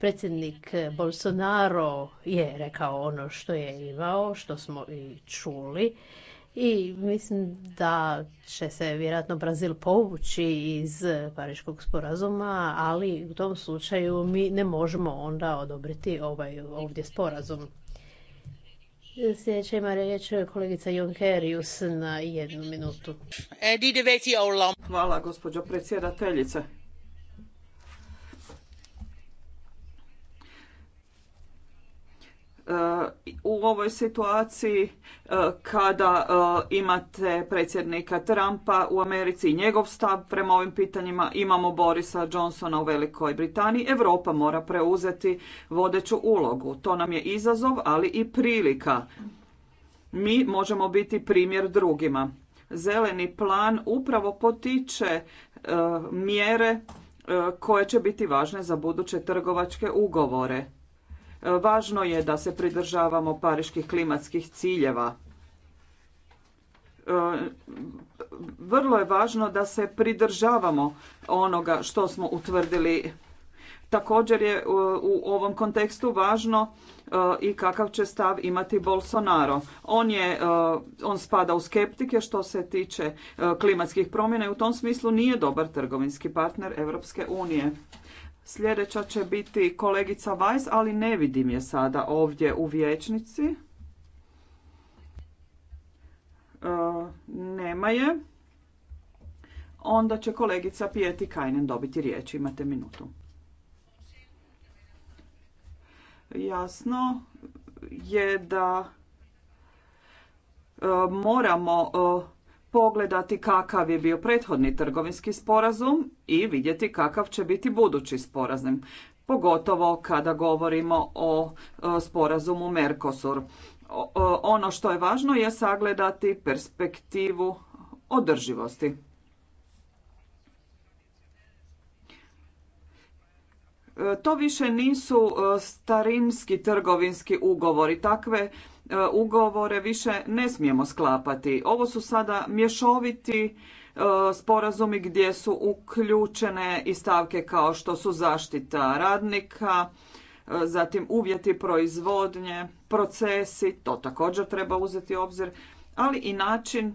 Predsjednik Bolsonaro je rekao ono što je imao, što smo i čuli i mislim da će se vjerojatno Brazil povući iz Pariškog sporazuma, ali u tom slučaju mi ne možemo onda odobriti ovaj ovdje sporazum. Sljedeća ima riječ kolegica Junkerius na jednu minutu. Hvala gospođo predsjedateljice. u ovoj situaciji e, kada e, imate predsjednika Trumpa u Americi i njegov stav prema ovim pitanjima, imamo Borisa Johnsona u Velikoj Britaniji, Europa mora preuzeti vodeću ulogu. To nam je izazov, ali i prilika. Mi možemo biti primjer drugima. Zeleni plan upravo potiče e, mjere koje će biti važne za buduće trgovačke ugovore Važno je da se pridržavamo pariških klimatskih ciljeva. E, vrlo je važno da se pridržavamo onoga što smo utvrdili. Također je e, u ovom kontekstu važno e, i kakav će stav imati Bolsonaro. On, je, on spada u skeptike što se tiče klimatskih promjena i u tom smislu nije dobar trgovinski partner Europske unije. Sljedeća će biti kolegica Vajs, ali ne vidim je sada ovdje u vijećnici. E, nema je. Onda će kolegica Pijeti Kajnen dobiti riječ. Imate minutu. Jasno je da e, moramo e, pogledati kakav je bio prethodni trgovinski sporazum i vidjeti kakav će biti budući sporazum, pogotovo kada govorimo o sporazumu Mercosur. Ono što je važno je sagledati perspektivu održivosti. E, to više nisu e, starinski trgovinski ugovori. Takve E, ugovore više ne smijemo sklapati. Ovo su sada mješoviti e, sporazumi gdje su uključene i stavke kao što su zaštita radnika, e, zatim uvjeti proizvodnje, procesi, to također treba uzeti obzir, ali i način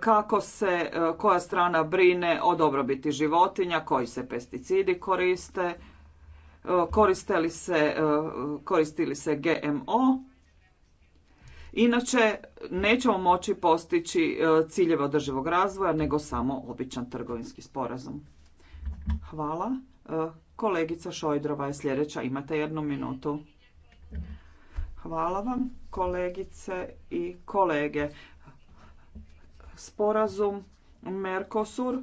kako se koja strana brine o dobrobiti životinja, koji se pesticidi koriste, koristili se, se GMO Inače, nećemo moći postići e, ciljeve održivog razvoja, nego samo običan trgovinski sporazum. Hvala. E, kolegica Šojdrova je sljedeća. Imate jednu minutu. Hvala vam, kolegice i kolege. Sporazum Mercosur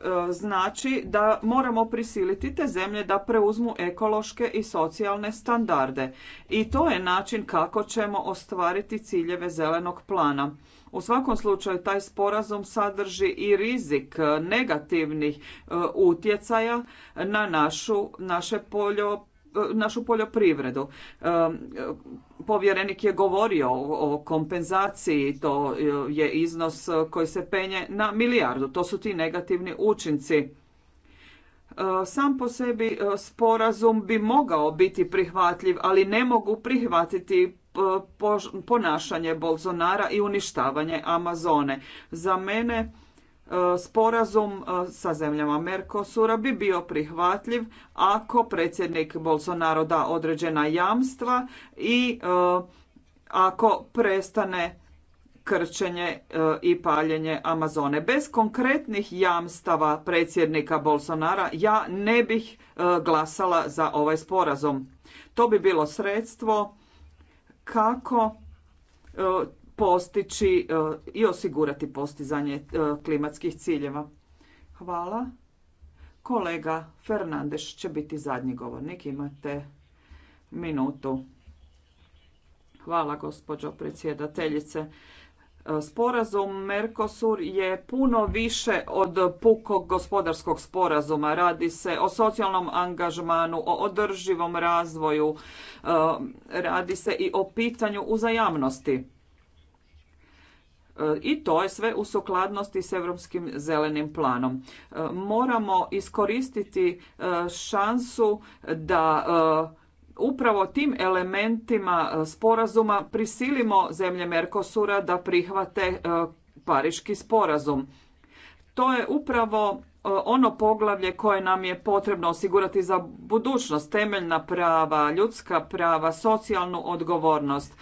E, znači da moramo prisiliti te zemlje da preuzmu ekološke i socijalne standarde. I to je način kako ćemo ostvariti ciljeve zelenog plana. U svakom slučaju taj sporazum sadrži i rizik negativnih e, utjecaja na našu, naše poljoprivredne našu poljoprivredu. E, povjerenik je govorio o kompenzaciji, to je iznos koji se penje na milijardu. To su ti negativni učinci. E, sam po sebi e, sporazum bi mogao biti prihvatljiv, ali ne mogu prihvatiti ponašanje Bolsonara i uništavanje Amazone. Za mene sporazum sa zemljama Mercosura bi bio prihvatljiv ako predsjednik Bolsonaro da određena jamstva i ako prestane krčenje e, i paljenje Amazone. Bez konkretnih jamstava predsjednika Bolsonara ja ne bih e, glasala za ovaj sporazum. To bi bilo sredstvo kako e, postići eh, i osigurati postizanje eh, klimatskih ciljeva. Hvala. Kolega Fernandeš će biti zadnji govornik. Imate minutu. Hvala gospođo predsjedateljice. Eh, sporazum Mercosur je puno više od pukog gospodarskog sporazuma. Radi se o socijalnom angažmanu, o održivom razvoju, radi se i o pitanju uzajamnosti i to je sve u sukladnosti s europskim zelenim planom. E, moramo iskoristiti e, šansu da e, upravo tim elementima sporazuma prisilimo zemlje Merkosura da prihvate Pariški sporazum. To je upravo ono poglavlje koje nam je potrebno osigurati za budućnost, temeljna prava, ljudska prava, socijalnu odgovornost.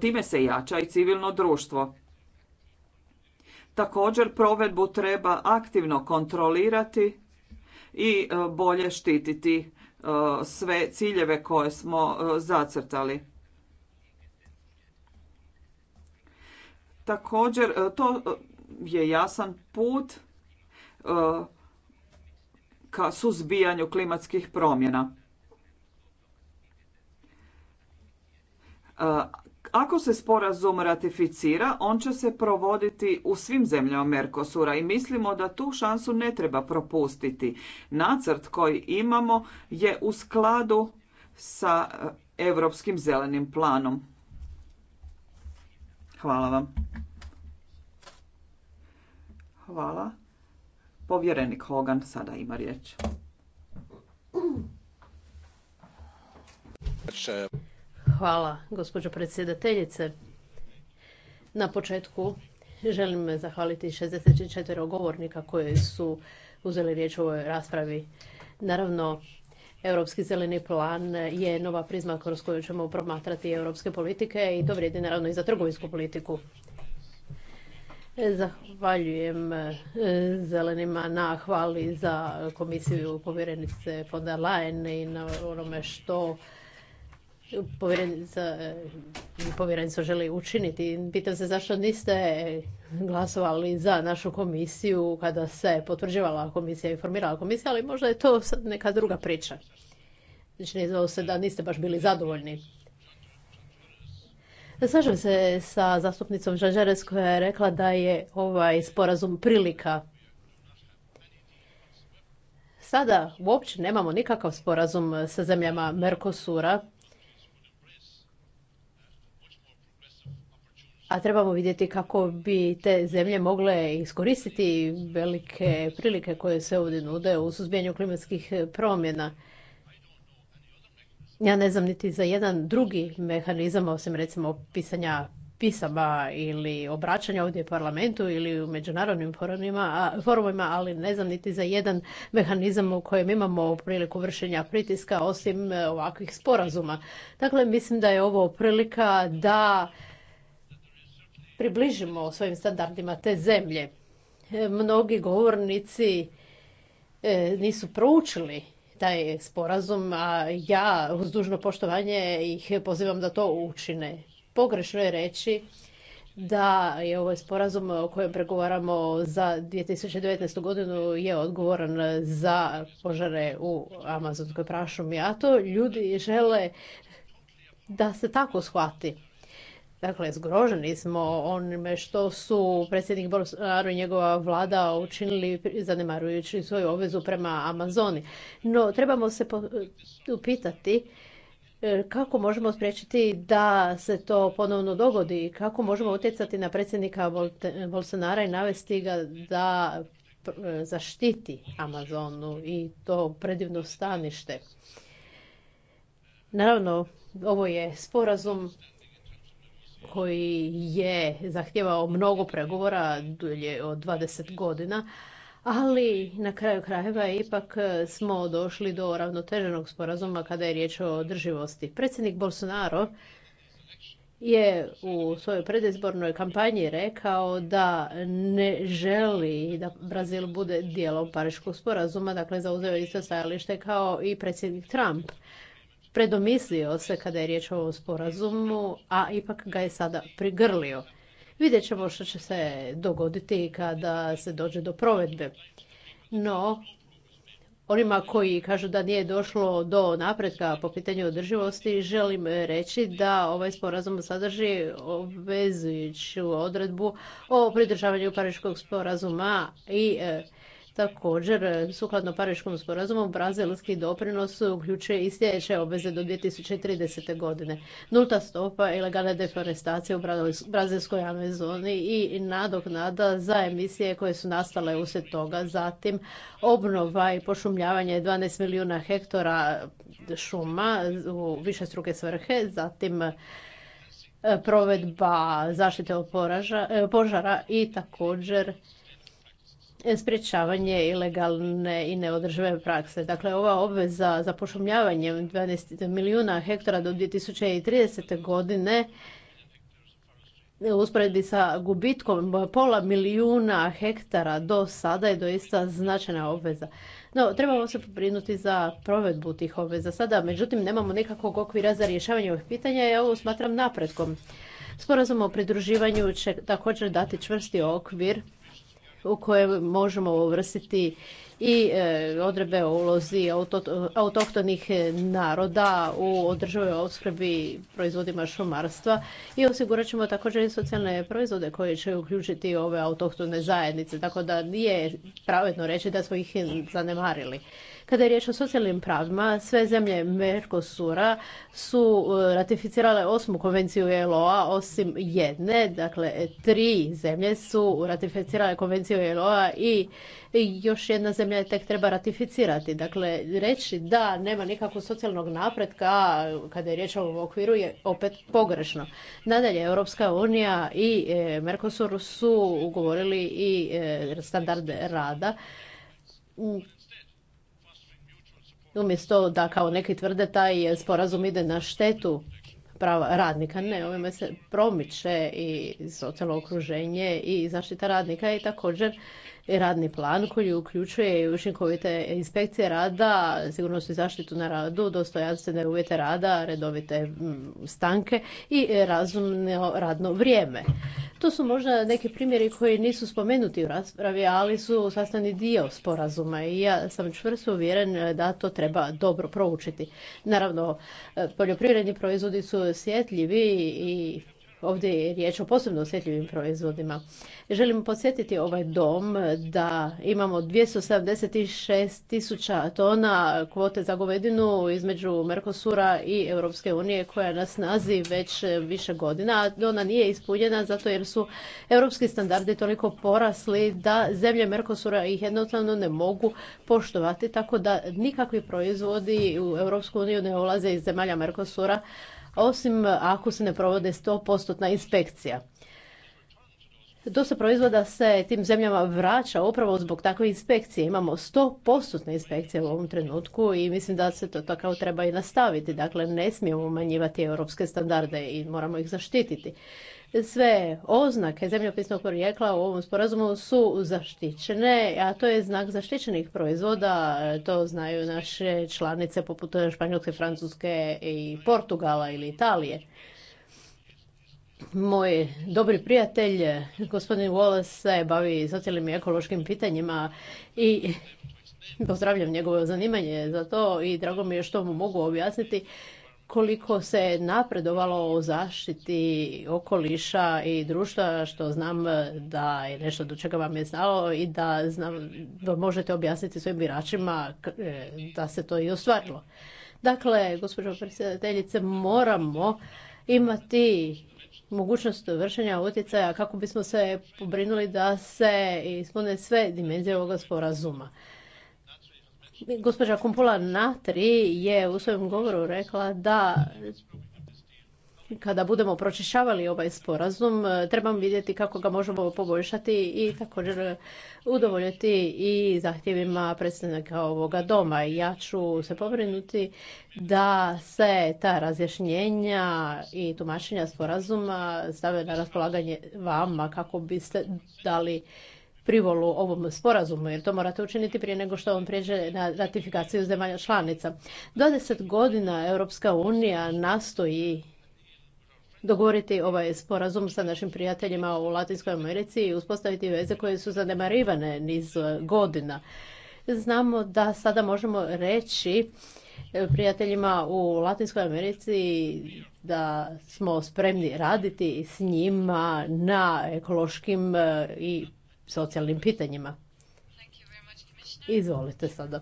Time se jača i civilno društvo. Također provedbu treba aktivno kontrolirati i e, bolje štititi e, sve ciljeve koje smo e, zacrtali. Također to je jasan put ka suzbijanju klimatskih promjena. Ako se sporazum ratificira, on će se provoditi u svim zemljama Merkosura i mislimo da tu šansu ne treba propustiti. Nacrt koji imamo je u skladu sa eh, Evropskim zelenim planom. Hvala vam. Hvala. Povjerenik Hogan sada ima riječ. Hvala, gospođo predsjedateljice. Na početku želim zahvaliti 64 govornika koji su uzeli riječ u ovoj raspravi. Naravno, Europski zeleni plan je nova prizma kroz koju ćemo promatrati europske politike i to vrijedi naravno i za trgovinsku politiku. Zahvaljujem eh, zelenima na hvali za komisiju povjerenice von der Leyen i na onome što povjerenstvo želi učiniti. Pitam se zašto niste glasovali za našu komisiju kada se potvrđivala komisija i formirala komisija, ali možda je to sad neka druga priča. Znači, ne se da niste baš bili zadovoljni. Slažem se sa zastupnicom Žažeres koja je rekla da je ovaj sporazum prilika. Sada uopće nemamo nikakav sporazum sa zemljama Mercosura a trebamo vidjeti kako bi te zemlje mogle iskoristiti velike prilike koje se ovdje nude u suzbijanju klimatskih promjena. Ja ne znam niti za jedan drugi mehanizam, osim recimo pisanja pisama ili obraćanja ovdje u parlamentu ili u međunarodnim forumima, ali ne znam niti za jedan mehanizam u kojem imamo priliku vršenja pritiska osim e, ovakvih sporazuma. Dakle, mislim da je ovo prilika da približimo svojim standardima te zemlje. E, mnogi govornici e, nisu proučili taj sporazum, a ja uz dužno poštovanje ih pozivam da to učine. Pogrešno je reći da je ovaj sporazum o kojem pregovaramo za 2019. godinu je odgovoran za požare u Amazonskoj prašumi, a to ljudi žele da se tako shvati. Dakle, zgroženi smo onime što su predsjednik Bolsonaro i njegova vlada učinili zanemarujući svoju obvezu prema Amazoni. No, trebamo se upitati e, kako možemo spriječiti da se to ponovno dogodi i kako možemo utjecati na predsjednika Bolsonaro i navesti ga da e, zaštiti Amazonu i to predivno stanište. Naravno, ovo je sporazum koji je zahtjevao mnogo pregovora, dulje od 20 godina, ali na kraju krajeva ipak smo došli do ravnoteženog sporazuma kada je riječ o održivosti. Predsjednik Bolsonaro je u svojoj predizbornoj kampanji rekao da ne želi da Brazil bude dijelom Pariškog sporazuma, dakle zauzeo isto stajalište kao i predsjednik Trump predomislio se kada je riječ o ovom sporazumu, a ipak ga je sada prigrlio. Vidjet ćemo što će se dogoditi kada se dođe do provedbe. No, onima koji kažu da nije došlo do napretka po pitanju održivosti, želim reći da ovaj sporazum sadrži obvezujuću odredbu o pridržavanju Pariškog sporazuma i e, Također, sukladno Pariškom sporazumu, brazilski doprinos uključuje i sljedeće obveze do 2030. godine. Nulta stopa ilegalne deforestacije u brazilskoj Amazoni i nadoknada za emisije koje su nastale uslijed toga. Zatim, obnova i pošumljavanje 12 milijuna hektara šuma u više struke svrhe. Zatim, provedba zaštite od požara i također sprječavanje ilegalne i neodržive prakse. Dakle, ova obveza za pošumljavanje 12 milijuna hektara do 2030. godine usporedbi sa gubitkom pola milijuna hektara do sada je doista značajna obveza. No, trebamo se pobrinuti za provedbu tih obveza. Sada, međutim, nemamo nikakvog okvira za rješavanje ovih pitanja i ja ovo smatram napretkom. Sporazum o pridruživanju će također dati čvrsti okvir u kojem možemo uvrstiti i e, odrebe o ulozi autohtonih naroda u održavoj opskrbi proizvodima šumarstva i osigurat ćemo također i socijalne proizvode koje će uključiti ove autohtone zajednice, tako da nije pravedno reći da smo ih zanemarili. Kada je riječ o socijalnim pravima, sve zemlje Mercosura su e, ratificirale osmu konvenciju ILO-a osim jedne, dakle tri zemlje su ratificirale konvenciju ILO-a i još jedna zemlja je tek treba ratificirati. Dakle, reći da nema nikakvog socijalnog napretka kada je riječ o ovom okviru je opet pogrešno. Nadalje, Europska unija i e, Mercosur su ugovorili i e, standarde rada Umjesto da kao neki tvrde taj sporazum ide na štetu prava radnika, ne, ovime se promiče i socijalno okruženje i zaštita radnika i također radni plan koji uključuje i učinkovite inspekcije rada, sigurnost i zaštitu na radu, dostojanstvene uvjete rada, redovite stanke i razumno radno vrijeme. To su možda neki primjeri koji nisu spomenuti u raspravi, ali su sastavni dio sporazuma i ja sam čvrsto uvjeren da to treba dobro proučiti. Naravno, poljoprivredni proizvodi su sjetljivi i Ovdje je riječ o posebno osjetljivim proizvodima. Želim podsjetiti ovaj dom da imamo 276 tisuća tona kvote za govedinu između Merkosura i Europske unije koja nas nazi već više godina. Ona nije ispunjena zato jer su europski standardi toliko porasli da zemlje Merkosura ih jednostavno ne mogu poštovati tako da nikakvi proizvodi u Europsku uniju ne ulaze iz zemalja Merkosura osim ako se ne provode 100% inspekcija. Dosta proizvoda se tim zemljama vraća upravo zbog takve inspekcije. Imamo 100% inspekcije u ovom trenutku i mislim da se to tako treba i nastaviti. Dakle, ne smijemo umanjivati europske standarde i moramo ih zaštititi. Sve oznake zemljopisnog porijekla u ovom sporazumu su zaštićene, a to je znak zaštićenih proizvoda. To znaju naše članice poput Španjolske, Francuske i Portugala ili Italije. Moj dobri prijatelj, gospodin Wallace, se bavi socijalnim i ekološkim pitanjima i pozdravljam njegovo zanimanje za to i drago mi je što mu mogu objasniti koliko se napredovalo o zaštiti okoliša i društva, što znam da je nešto do čega vam je znalo i da, znam, da možete objasniti svojim biračima e, da se to i ostvarilo. Dakle, gospođo predsjedateljice, moramo imati mogućnost vršenja utjecaja kako bismo se pobrinuli da se ispune sve dimenzije ovoga sporazuma. Gospođa Kumpula Natri je u svojem govoru rekla da kada budemo pročišćavali ovaj sporazum, trebamo vidjeti kako ga možemo poboljšati i također udovoljiti i zahtjevima predsjednika ovoga doma. Ja ću se pobrinuti da se ta razjašnjenja i tumačenja sporazuma stave na raspolaganje vama kako biste dali privolu ovom sporazumu, jer to morate učiniti prije nego što vam prijeđe na ratifikaciju zemalja članica. 20 godina Europska unija nastoji dogovoriti ovaj sporazum sa našim prijateljima u Latinskoj Americi i uspostaviti veze koje su zanemarivane niz godina. Znamo da sada možemo reći e, prijateljima u Latinskoj Americi da smo spremni raditi s njima na ekološkim e, i socijalnim pitanjima. Izvolite sada.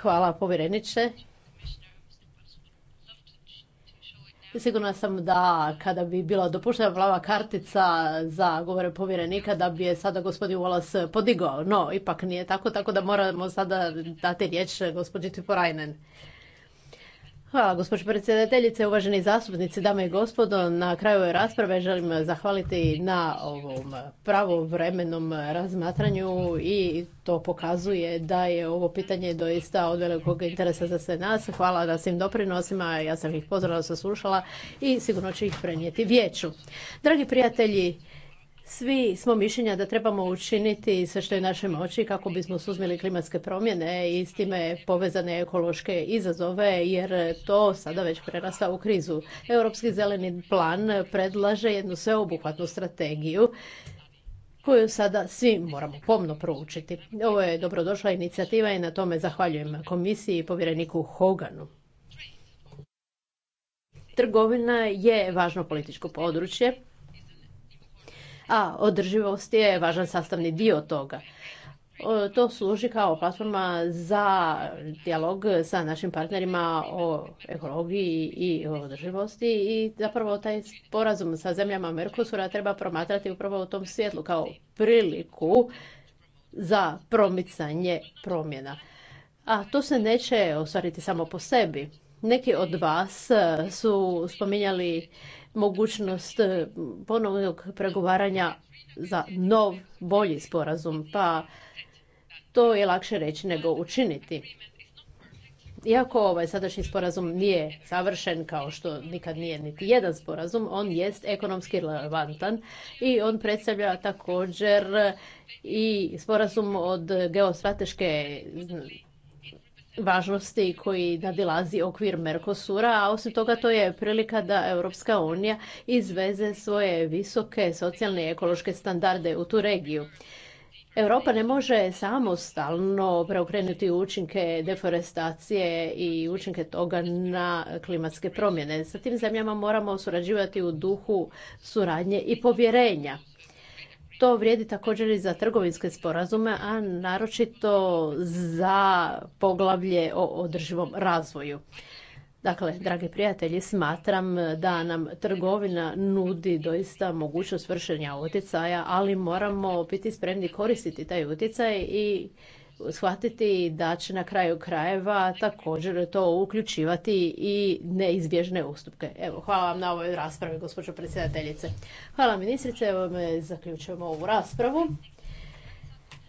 Hvala povjereniče. Sigurna sam da kada bi bila dopuštena plava kartica za govore povjerenika da bi je sada gospodin Volas podigao. No, ipak nije tako, tako da moramo sada dati riječ gospođi Tiporajnen. Hvala gospođo predsjedateljice, uvaženi zastupnici, dame i gospodo. Na kraju ove rasprave želim zahvaliti na ovom pravovremenom razmatranju i to pokazuje da je ovo pitanje doista od velikog interesa za sve nas. Hvala na svim doprinosima, ja sam ih pozorno saslušala i sigurno ću ih prenijeti vijeću. Dragi prijatelji, svi smo mišljenja da trebamo učiniti sve što je naše moći kako bismo suzmili klimatske promjene i s time povezane ekološke izazove jer to sada već prerasta u krizu. Europski zeleni plan predlaže jednu sveobuhvatnu strategiju koju sada svi moramo pomno proučiti. Ovo je dobrodošla inicijativa i na tome zahvaljujem komisiji i povjereniku Hoganu. Trgovina je važno političko područje a održivost je važan sastavni dio toga. To služi kao platforma za dijalog sa našim partnerima o ekologiji i održivosti i zapravo taj sporazum sa zemljama Merkusura treba promatrati upravo u tom svjetlu kao priliku za promicanje promjena. A to se neće ostvariti samo po sebi. Neki od vas su spominjali mogućnost e, ponovnog pregovaranja za nov, bolji sporazum, pa to je lakše reći nego učiniti. Iako ovaj sadašnji sporazum nije savršen kao što nikad nije niti jedan sporazum, on jest ekonomski relevantan i on predstavlja također i sporazum od geostrateške važnosti koji nadilazi okvir Mercosura, a osim toga to je prilika da Europska unija izveze svoje visoke socijalne i ekološke standarde u tu regiju. Europa ne može samostalno preokrenuti učinke deforestacije i učinke toga na klimatske promjene. Sa tim zemljama moramo surađivati u duhu suradnje i povjerenja. To vrijedi također i za trgovinske sporazume, a naročito za poglavlje o održivom razvoju. Dakle, dragi prijatelji, smatram da nam trgovina nudi doista mogućnost vršenja utjecaja, ali moramo biti spremni koristiti taj utjecaj i shvatiti da će na kraju krajeva također to uključivati i neizbježne ustupke. Evo, hvala vam na ovoj raspravi, gospođo predsjedateljice. Hvala ministrice, evo me zaključujemo ovu raspravu.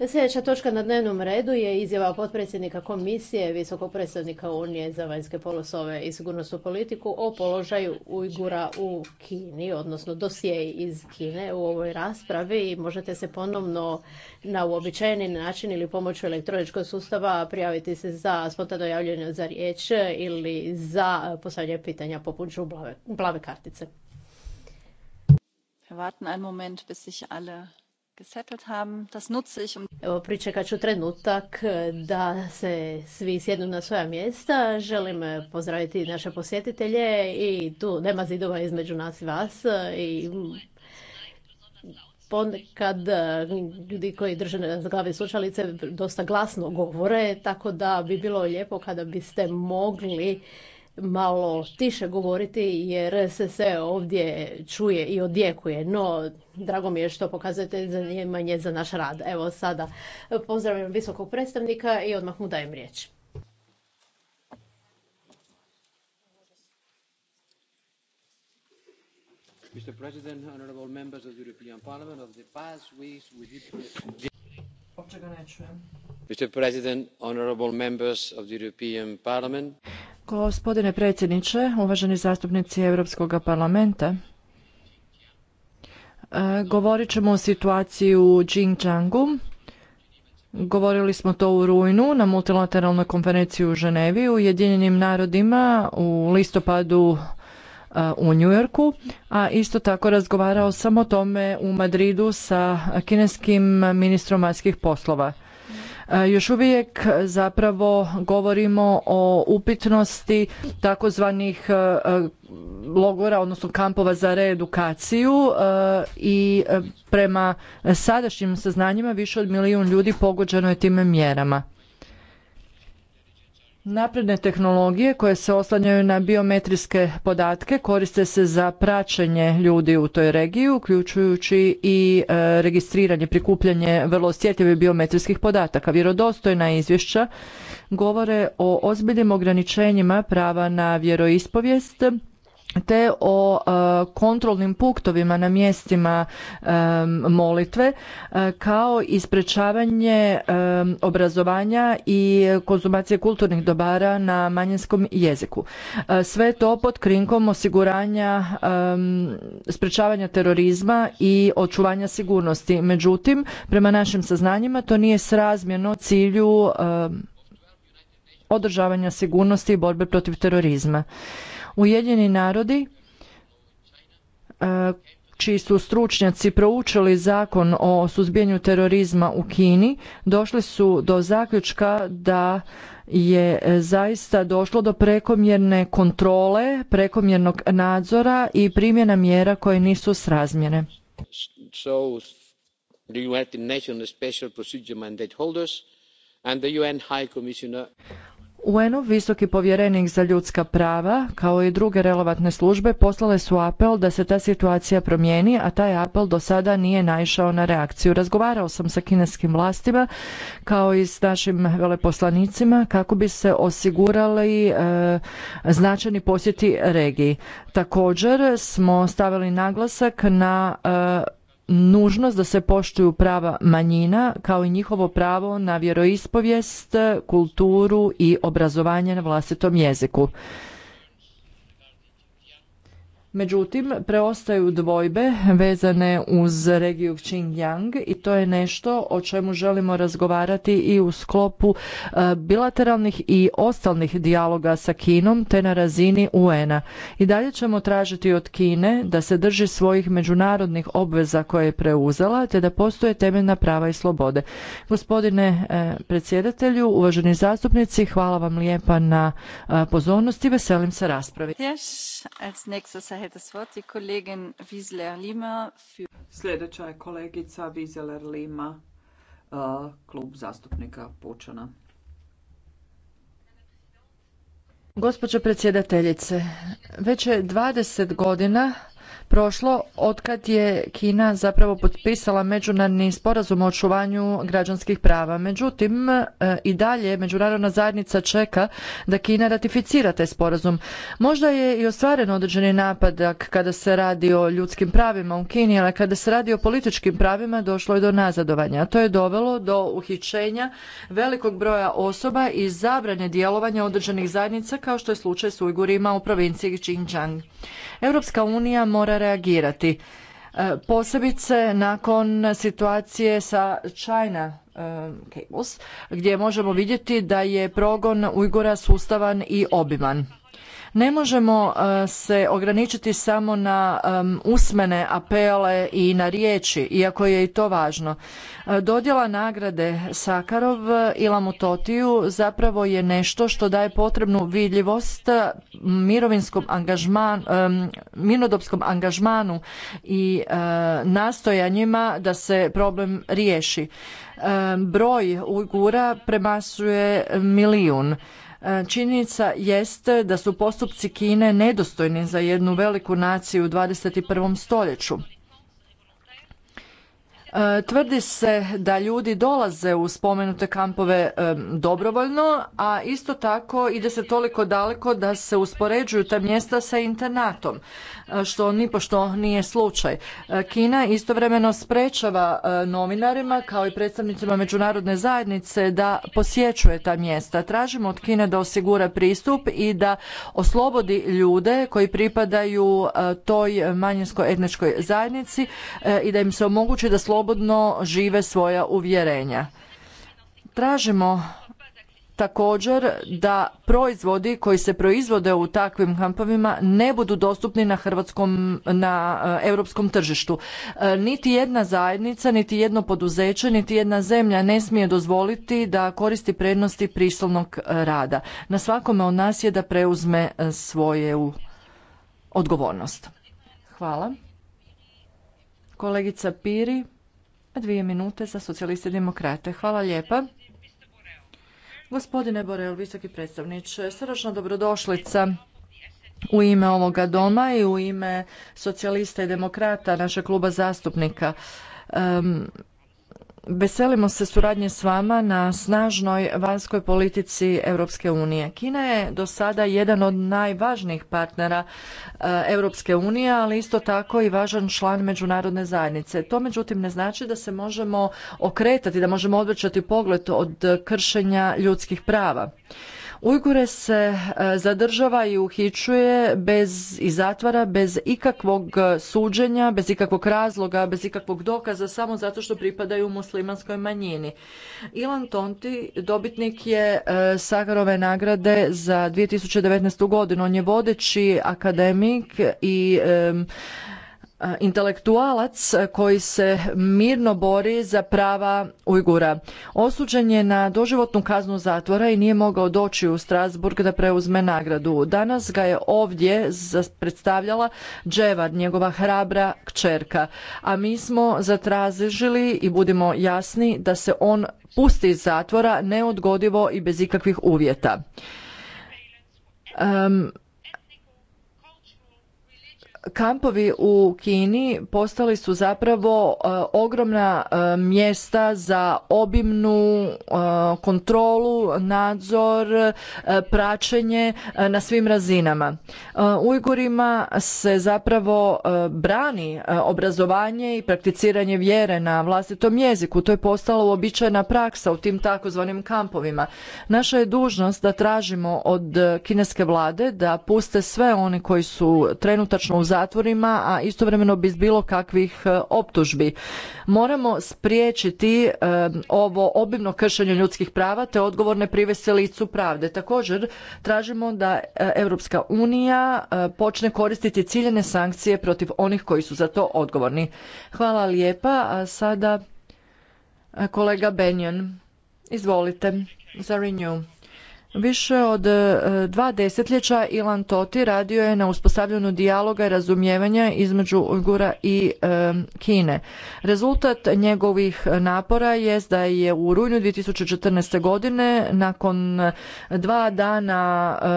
Sljedeća točka na dnevnom redu je izjava potpredsjednika komisije visokog predstavnika Unije za vanjske polosove i sigurnosnu politiku o položaju Ujgura u Kini, odnosno dosije iz Kine u ovoj raspravi i možete se ponovno na uobičajeni način ili pomoću elektroničkog sustava prijaviti se za spontano javljanje za riječ ili za postavljanje pitanja poput blave, blave kartice. Warten Moment, bis sich alle Um Evo, pričekat ću trenutak e, da se svi sjednu na svoja mjesta. Želim e, pozdraviti naše posjetitelje i tu nema zidova između nas i vas. E, I ponekad ljudi koji drže na glavi slučalice dosta glasno govore, tako da bi bilo lijepo kada biste mogli malo tiše govoriti jer se sve ovdje čuje i odjekuje. No, drago mi je što pokazujete zanimanje za naš rad. Evo sada pozdravljam visokog predstavnika i odmah mu dajem riječ. Mr. President, honorable members of the European Parliament, of the past weeks we did... Mr. President, honorable members of the European Parliament. Gospodine predsjedniče, uvaženi zastupnici Europskog parlamenta, e, govorit ćemo o situaciji u Xinjiangu. Govorili smo to u rujnu na multilateralnoj konferenciji u Ženevi u Jedinjenim narodima u listopadu e, u New Yorku, a isto tako razgovarao sam o tome u Madridu sa kineskim ministrom vanjskih poslova. E, još uvijek zapravo govorimo o upitnosti takozvanih e, e, logora, odnosno kampova za reedukaciju i prema sadašnjim saznanjima više od milijun ljudi pogođeno je tim mjerama. Napredne tehnologije koje se oslanjaju na biometrijske podatke koriste se za praćenje ljudi u toj regiji, uključujući i e, registriranje, prikupljanje vrlo osjetljivih biometrijskih podataka. Vjerodostojna izvješća govore o ozbiljnim ograničenjima prava na vjeroispovijest, te o e, kontrolnim punktovima na mjestima e, molitve e, kao i sprečavanje obrazovanja i konzumacije kulturnih dobara na manjinskom jeziku. Sve to pod krinkom osiguranja sprečavanja terorizma i očuvanja sigurnosti. Međutim, prema našim saznanjima to nije srazmjerno cilju održavanja sigurnosti i borbe protiv terorizma. Ujedinjeni narodi e, čiji su stručnjaci proučili zakon o suzbijanju terorizma u Kini, došli su do zaključka da je e, zaista došlo do prekomjerne kontrole, prekomjernog nadzora i primjena mjera koje nisu srazmjene. So, un visoki povjerenik za ljudska prava kao i druge relevantne službe poslale su apel da se ta situacija promijeni, a taj apel do sada nije naišao na reakciju. Razgovarao sam sa kineskim vlastima kao i s našim veleposlanicima kako bi se osigurali e, značajni posjeti regiji. Također smo stavili naglasak na e, nužnost da se poštuju prava manjina kao i njihovo pravo na vjeroispovijest, kulturu i obrazovanje na vlastitom jeziku. Međutim, preostaju dvojbe vezane uz regiju Xinjiang i to je nešto o čemu želimo razgovarati i u sklopu e, bilateralnih i ostalnih dijaloga sa Kinom te na razini UN-a. I dalje ćemo tražiti od Kine da se drži svojih međunarodnih obveza koje je preuzela te da postoje temeljna prava i slobode. Gospodine e, predsjedatelju, uvaženi zastupnici, hvala vam lijepa na e, pozornosti i veselim se raspravi. Sljedeća je kolegica Wieseler Lima, uh, klub zastupnika Pučana. Gospođo predsjedateljice, već je 20 godina prošlo otkad je Kina zapravo potpisala međunarodni sporazum o očuvanju građanskih prava. Međutim, e, i dalje međunarodna zajednica čeka da Kina ratificira taj sporazum. Možda je i ostvaren određeni napadak kada se radi o ljudskim pravima u Kini, ali kada se radi o političkim pravima došlo je do nazadovanja. To je dovelo do uhićenja velikog broja osoba i zabrane djelovanja određenih zajednica kao što je slučaj s Ujgurima u provinciji Xinjiang. Europska unija mora reagirati. E, posebice nakon situacije sa China e, Cables, gdje možemo vidjeti da je progon Ujgura sustavan i obiman. Ne možemo e, se ograničiti samo na usmene apele i na riječi, iako je i to važno. E, dodjela nagrade Sakarov i Lamutotiju zapravo je nešto što daje potrebnu vidljivost mirovinskom angažman, minodopskom angažmanu i e, nastojanjima da se problem riješi. Broj Ujgura premasuje milijun. E, činjenica jeste da su postupci Kine nedostojni za jednu veliku naciju u 21. stoljeću. E, tvrdi se da ljudi dolaze u spomenute kampove e, dobrovoljno, a isto tako ide se toliko daleko da se uspoređuju ta mjesta sa internatom, e, što nipošto nije slučaj. Kina istovremeno sprečava novinarima kao i predstavnicima međunarodne zajednice da posjećuje ta mjesta. Tražimo od Kine da osigura pristup i da oslobodi ljude koji pripadaju toj manjinskoj etničkoj zajednici i da im se omogući da slobodi slobodno žive svoja uvjerenja. Tražimo također da proizvodi koji se proizvode u takvim kampovima ne budu dostupni na hrvatskom na e, europskom tržištu. E, niti jedna zajednica, niti jedno poduzeće, niti jedna zemlja ne smije dozvoliti da koristi prednosti prisilnog e, rada. Na svakome od nas je da preuzme svoju odgovornost. Hvala. Kolegica Piri Dvije minute za socijaliste i demokrate. Hvala lijepa. Gospodine Borel, visoki predstavniče, srdačna dobrodošlica u ime ovoga doma i u ime socijalista i demokrata, našeg kluba zastupnika. Veselimo se suradnje s vama na snažnoj vanjskoj politici Europske unije. Kina je do sada jedan od najvažnijih partnera eh, Europske unije, ali isto tako i važan član međunarodne zajednice. To međutim ne znači da se možemo okretati, da možemo odvrćati pogled od kršenja ljudskih prava. Ujgure se e, zadržava i uhićuje bez i zatvara bez ikakvog e, suđenja, bez ikakvog razloga, bez ikakvog dokaza samo zato što pripadaju muslimanskoj manjini. Ilan Tonti dobitnik je e, Sagarove nagrade za 2019. godinu. On je vodeći akademik i E, intelektualac koji se mirno bori za prava Ujgura. Osuđen je na doživotnu kaznu zatvora i nije mogao doći u Strasburg da preuzme nagradu. Danas ga je ovdje predstavljala Dževar, njegova hrabra kćerka. A mi smo zatražili i budimo jasni da se on pusti iz zatvora neodgodivo i bez ikakvih uvjeta. Um, kampovi u Kini postali su zapravo e, ogromna e, mjesta za obimnu e, kontrolu, nadzor, praćenje na svim razinama. Ujgurima se zapravo brani obrazovanje i prakticiranje vjere na vlastitom jeziku. To je postala uobičajena praksa u tim takozvanim kampovima. Naša je dužnost da tražimo od kineske vlade da puste sve one koji su trenutačno u zatvorima, a istovremeno bez bilo kakvih e, optužbi. Moramo spriječiti e, ovo obimno kršenje ljudskih prava te odgovorne privesti licu pravde. Također tražimo da e, Europska unija počne koristiti ciljene sankcije protiv onih koji su za to odgovorni. Hvala lijepa, a sada kolega Bennion, Izvolite, za Više od e, dva desetljeća Ilan Toti radio je na uspostavljanju dijaloga i razumijevanja između Ujgura i e, Kine. Rezultat njegovih napora je da je u rujnu 2014. godine nakon dva dana e,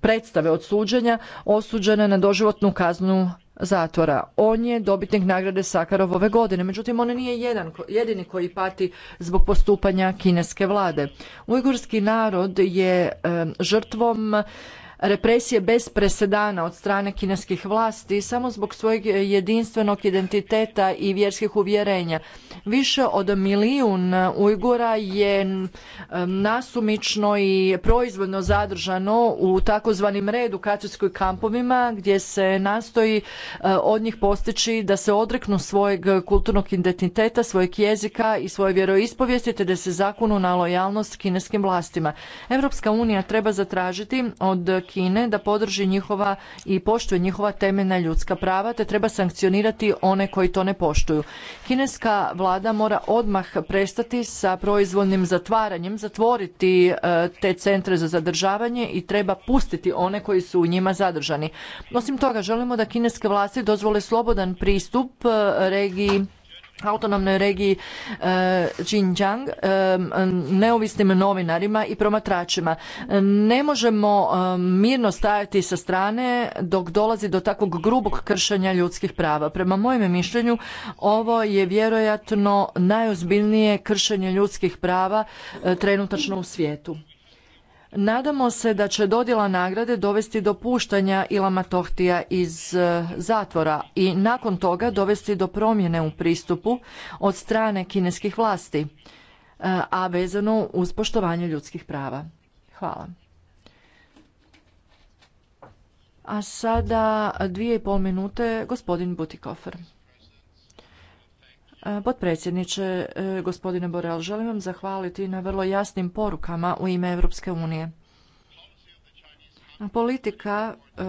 predstave od suđenja osuđena na doživotnu kaznu zatvora. On je dobitnik nagrade Sakarov ove godine, međutim on nije jedan, jedini koji pati zbog postupanja kineske vlade. Ujgurski narod je žrtvom represije bez presedana od strane kineskih vlasti samo zbog svojeg jedinstvenog identiteta i vjerskih uvjerenja. Više od milijun Ujgura je nasumično i proizvodno zadržano u takozvanim redu kampovima gdje se nastoji e, od njih postići da se odreknu svojeg kulturnog identiteta, svojeg jezika i svoje vjeroispovijesti te da se zakonu na lojalnost kineskim vlastima. Europska unija treba zatražiti od Kine da podrži njihova i poštuje njihova temeljna ljudska prava te treba sankcionirati one koji to ne poštuju. Kineska vlada mora odmah prestati sa proizvoljnim zatvaranjem, zatvoriti e, te centre za zadržavanje i treba pustiti one koji su u njima zadržani. Osim toga, želimo da kineske vlasti dozvole slobodan pristup e, regiji autonomnoj regiji e, Xinjiang e, neovisnim novinarima i promatračima. Ne možemo e, mirno stajati sa strane dok dolazi do takvog grubog kršenja ljudskih prava. Prema mojem mišljenju ovo je vjerojatno najozbiljnije kršenje ljudskih prava trenutačno u svijetu. Nadamo se da će dodjela nagrade dovesti do puštanja Ilama Tohtija iz e, zatvora i nakon toga dovesti do promjene u pristupu od strane kineskih vlasti, e, a vezano uz poštovanje ljudskih prava. Hvala. A sada dvije i pol minute gospodin Butikofer. E, potpredsjedniče, e, gospodine Borel, želim vam zahvaliti na vrlo jasnim porukama u ime Europske unije. Politika e,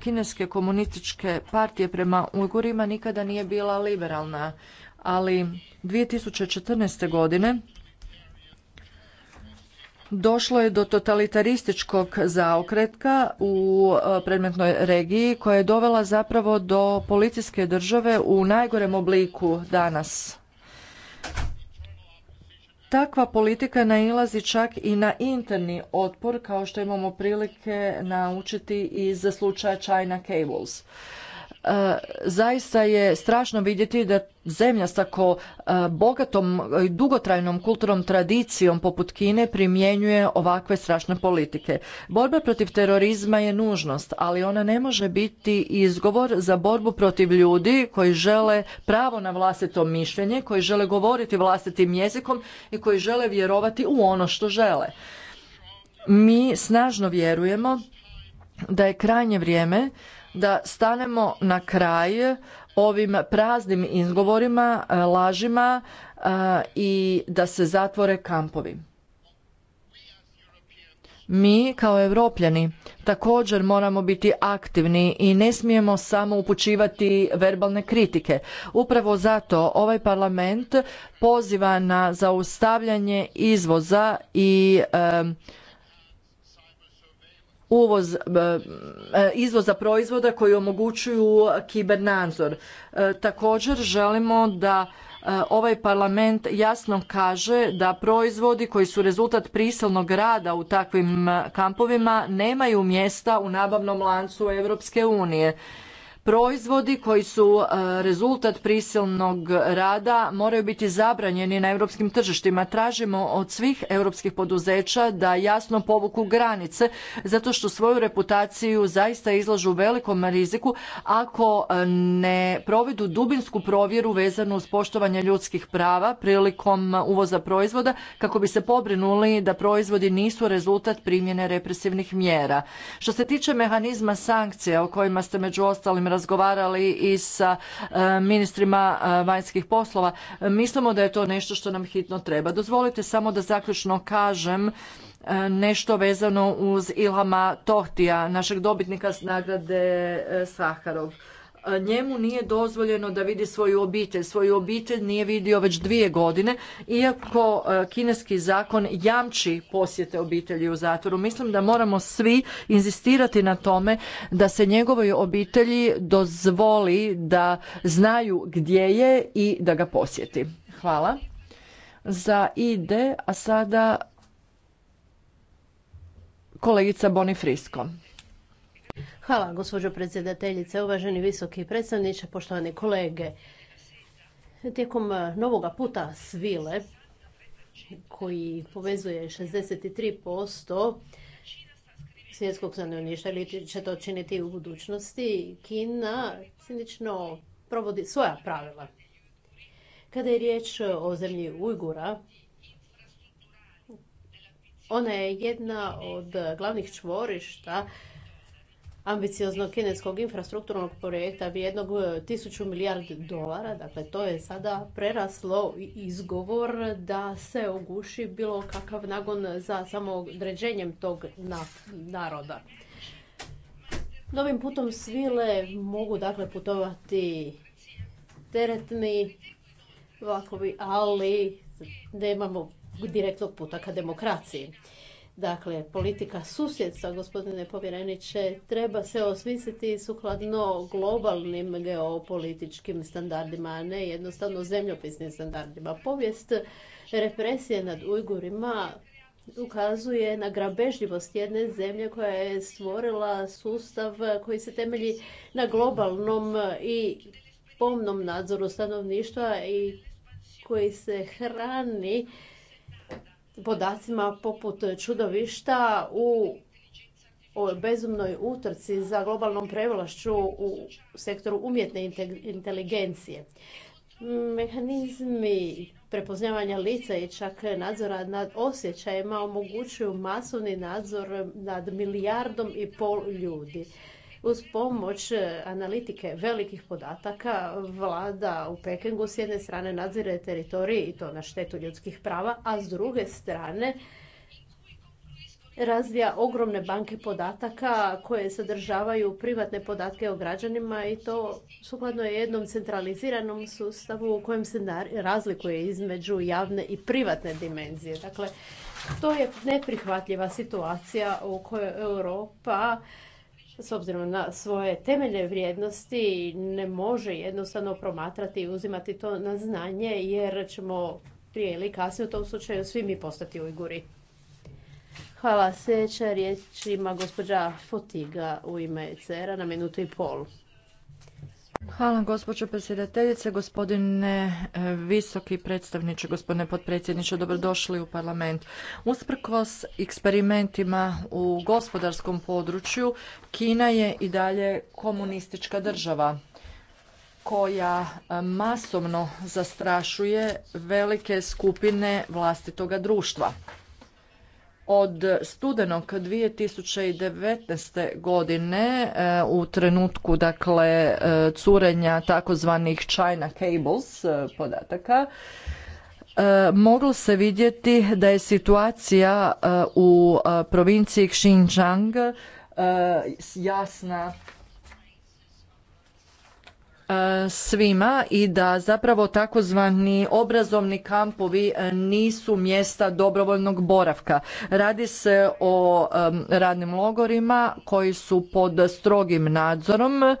kineske komunističke partije prema Ujgurima nikada nije bila liberalna, ali 2014. godine došlo je do totalitarističkog zaokretka u e, predmetnoj regiji koja je dovela zapravo do policijske države u najgorem obliku danas. Takva politika nailazi čak i na interni otpor kao što imamo prilike naučiti iz slučaja China Cables. E, zaista je strašno vidjeti da zemlja s tako e, bogatom i dugotrajnom kulturnom tradicijom poput Kine primjenjuje ovakve strašne politike. Borba protiv terorizma je nužnost, ali ona ne može biti izgovor za borbu protiv ljudi koji žele pravo na vlastito mišljenje, koji žele govoriti vlastitim jezikom i koji žele vjerovati u ono što žele. Mi snažno vjerujemo da je krajnje vrijeme da stanemo na kraj ovim praznim izgovorima, e, lažima e, i da se zatvore kampovi. Mi kao europljani također moramo biti aktivni i ne smijemo samo upućivati verbalne kritike. Upravo zato ovaj parlament poziva na zaustavljanje izvoza i e, uvoz, e, e, izvoza proizvoda koji omogućuju kibernadzor. E, također želimo da ovaj parlament jasno kaže da proizvodi koji su rezultat prisilnog rada u takvim kampovima nemaju mjesta u nabavnom lancu Europske unije Proizvodi koji su e, rezultat prisilnog rada moraju biti zabranjeni na europskim tržištima. Tražimo od svih europskih poduzeća da jasno povuku granice zato što svoju reputaciju zaista izlažu velikom riziku ako e, ne provedu dubinsku provjeru vezanu uz poštovanje ljudskih prava prilikom uvoza proizvoda kako bi se pobrinuli da proizvodi nisu rezultat primjene represivnih mjera. Što se tiče mehanizma sankcija o kojima ste među ostalim razgovarali i sa e, ministrima e, vanjskih poslova. Mislimo da je to nešto što nam hitno treba. Dozvolite samo da zaključno kažem e, nešto vezano uz Ilhama Tohtija, našeg dobitnika s nagrade Saharov njemu nije dozvoljeno da vidi svoju obitelj. Svoju obitelj nije vidio već dvije godine, iako kineski zakon jamči posjete obitelji u zatvoru. Mislim da moramo svi inzistirati na tome da se njegovoj obitelji dozvoli da znaju gdje je i da ga posjeti. Hvala. Za ide, a sada kolegica Boni Frisko. Hvala, gospođo predsjedateljice, uvaženi visoki predstavniče, poštovani kolege. Tijekom eh, novoga puta svile, koji povezuje 63% svjetskog stanovništva ili će to činiti u budućnosti, Kina cinično provodi svoja pravila. Kada je riječ o zemlji Ujgura, ona je jedna od glavnih čvorišta ambicioznog kineskog infrastrukturnog projekta vrijednog e, tisuću milijardi dolara, dakle to je sada preraslo izgovor da se oguši bilo kakav nagon za samoodređenjem tog naroda. Novim putom svile mogu dakle putovati teretni vlakovi, ali nemamo direktnog puta ka demokraciji. Dakle, politika susjedstva, gospodine povjereniče, treba se osmisliti sukladno globalnim geopolitičkim standardima, a ne jednostavno zemljopisnim standardima. Povijest represije nad Ujgurima ukazuje na grabežljivost jedne zemlje koja je stvorila sustav koji se temelji na globalnom i pomnom nadzoru stanovništva i koji se hrani podacima poput čudovišta u ovoj bezumnoj utrci za globalnom prevlašću u sektoru umjetne inteligencije. Mehanizmi prepoznavanja lica i čak nadzora nad osjećajima omogućuju masovni nadzor nad milijardom i pol ljudi. Uz pomoć e, analitike velikih podataka vlada u Pekingu s jedne strane nadzire teritorij i to na štetu ljudskih prava, a s druge strane razvija ogromne banke podataka koje sadržavaju privatne podatke o građanima i to sukladno je jednom centraliziranom sustavu u kojem se razlikuje između javne i privatne dimenzije. Dakle, to je neprihvatljiva situacija u kojoj Europa s obzirom na svoje temeljne vrijednosti ne može jednostavno promatrati i uzimati to na znanje jer ćemo prije ili kasnije u tom slučaju svi mi postati Ujguri. Hvala. Sljedeća riječ ima gospođa Fotiga u ime CERA na minutu i pol. Hvala gospođo predsjedateljice, gospodine e, visoki predstavniče, gospodine potpredsjedniče, dobrodošli u parlament. Usprkos eksperimentima u gospodarskom području, Kina je i dalje komunistička država koja e, masovno zastrašuje velike skupine vlastitoga društva. Od studenog 2019. godine e, u trenutku dakle e, curenja takozvanih China cables e, podataka moglo se vidjeti da je situacija u provinciji Xinjiang jasna E, svima i da zapravo takozvani obrazovni kampovi e, nisu mjesta dobrovoljnog boravka. Radi se o e, radnim logorima koji su pod strogim nadzorom.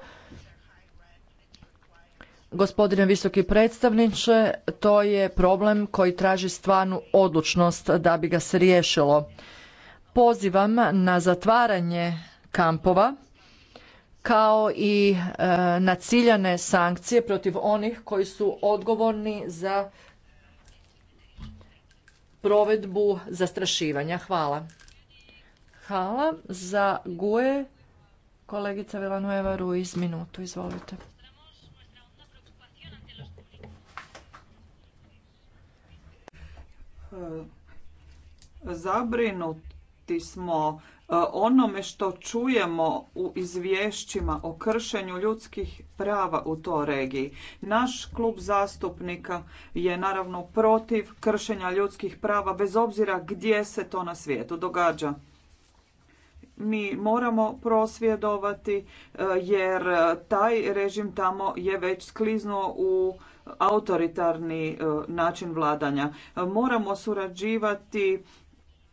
Gospodine visoki predstavniče, to je problem koji traži stvarnu odlučnost da bi ga se riješilo. Pozivam na zatvaranje kampova kao i naciljane na ciljane sankcije protiv onih koji su odgovorni za provedbu zastrašivanja. Hvala. Hvala. Za guje. kolegica Vilanueva Ruiz minutu. Izvolite. Zabrinuti smo E, onome što čujemo u izvješćima o kršenju ljudskih prava u toj regiji. Naš klub zastupnika je naravno protiv kršenja ljudskih prava bez obzira gdje se to na svijetu događa. Mi moramo prosvjedovati e, jer taj režim tamo je već skliznuo u autoritarni e, način vladanja. Moramo surađivati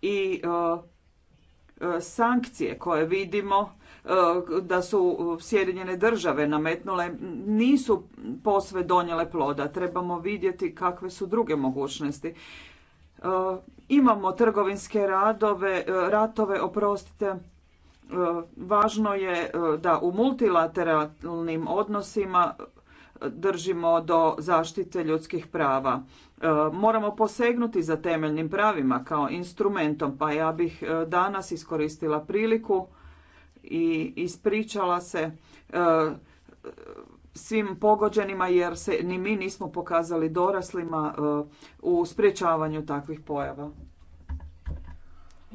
i E, sankcije koje vidimo e, da su Sjedinjene države nametnule nisu posve donijele ploda. Trebamo vidjeti kakve su druge mogućnosti. E, imamo trgovinske radove, ratove, oprostite, važno je da u multilateralnim odnosima držimo do zaštite ljudskih prava. E, moramo posegnuti za temeljnim pravima kao instrumentom, pa ja bih e, danas iskoristila priliku i ispričala se e, svim pogođenima jer se ni mi nismo pokazali doraslima u sprječavanju takvih pojava.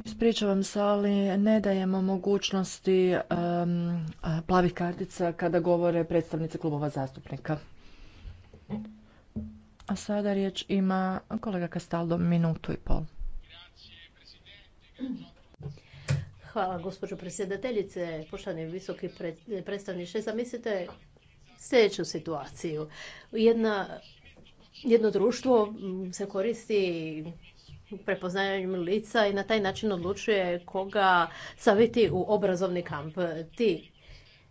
Ispričavam se, ali ne dajemo mogućnosti plavih kartica kada govore predstavnice klubova zastupnika. A sada riječ ima kolega Kastaldo, minutu i pol. Hvala, gospođo predsjedateljice, poštovani visoki predstavniče. Zamislite sljedeću situaciju. jedno društvo se koristi prepoznavanju lica i na taj način odlučuje koga saviti u obrazovni kamp. Ti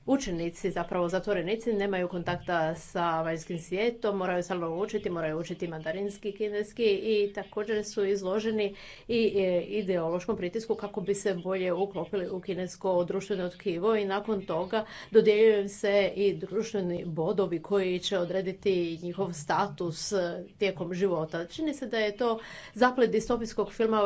učenici, zapravo zatvorenici, nemaju kontakta sa vanjskim svijetom, moraju samo učiti, moraju učiti mandarinski, kineski i također su izloženi i e, ideološkom pritisku kako bi se bolje uklopili u kinesko društveno tkivo i nakon toga dodjeljuju se i društveni bodovi koji će odrediti njihov status e, tijekom života. Čini se da je to zaplet distopijskog filma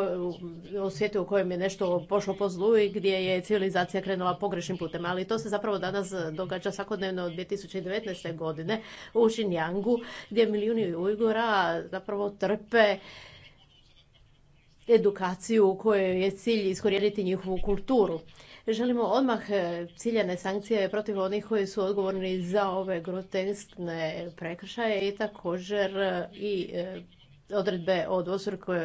u svijetu u kojem je nešto pošlo po zlu i gdje je civilizacija krenula pogrešnim putem, ali to se zapravo da danas događa svakodnevno od 2019. godine u Xinjiangu gdje milijuni Ujgura zapravo trpe edukaciju kojoj je cilj iskorijeniti njihovu kulturu. Želimo odmah e, ciljane sankcije protiv onih koji su odgovorni za ove groteskne prekršaje i također e, i e, odredbe o dvostrukoj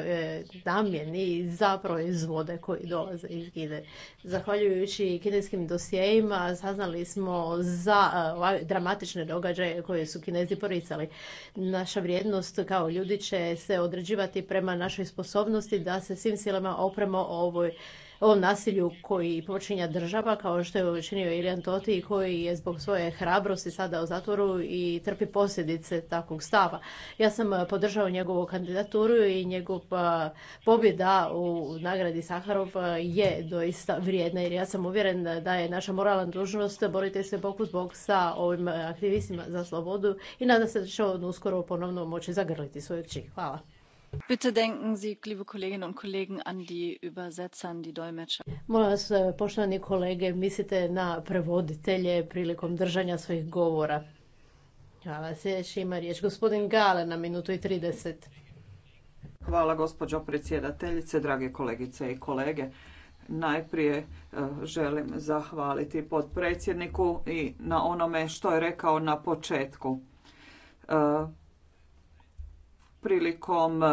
namjeni za proizvode koji dolaze iz Kine. Zahvaljujući kineskim dosjejima saznali smo za uh, dramatične događaje koje su kinezi poricali. Naša vrijednost kao ljudi će se određivati prema našoj sposobnosti da se svim silama opremo ovoj o nasilju koji počinja država, kao što je učinio Ilijan Toti, koji je zbog svoje hrabrosti sada u zatvoru i trpi posljedice takvog stava. Ja sam eh, podržao njegovu kandidaturu i njegov eh, pobjeda u nagradi Saharov eh, je doista vrijedna, jer ja sam uvjeren da je naša moralna dužnost boriti se boku zbog sa ovim aktivistima za slobodu i nadam se da će on uskoro ponovno moći zagrliti svoju čih. Hvala. Bitte denken Sie, liebe Kolleginnen und Kollegen, an die Übersetzer, die Molim eh, poštovani kolege, mislite na prevoditelje prilikom držanja svojih govora. Hvala, sljedeći ima riječ gospodin Gale na minutu i 30. Hvala gospođo predsjedateljice, drage kolegice i kolege. Najprije eh, želim zahvaliti potpredsjedniku i na onome što je rekao na početku eh, prilikom e,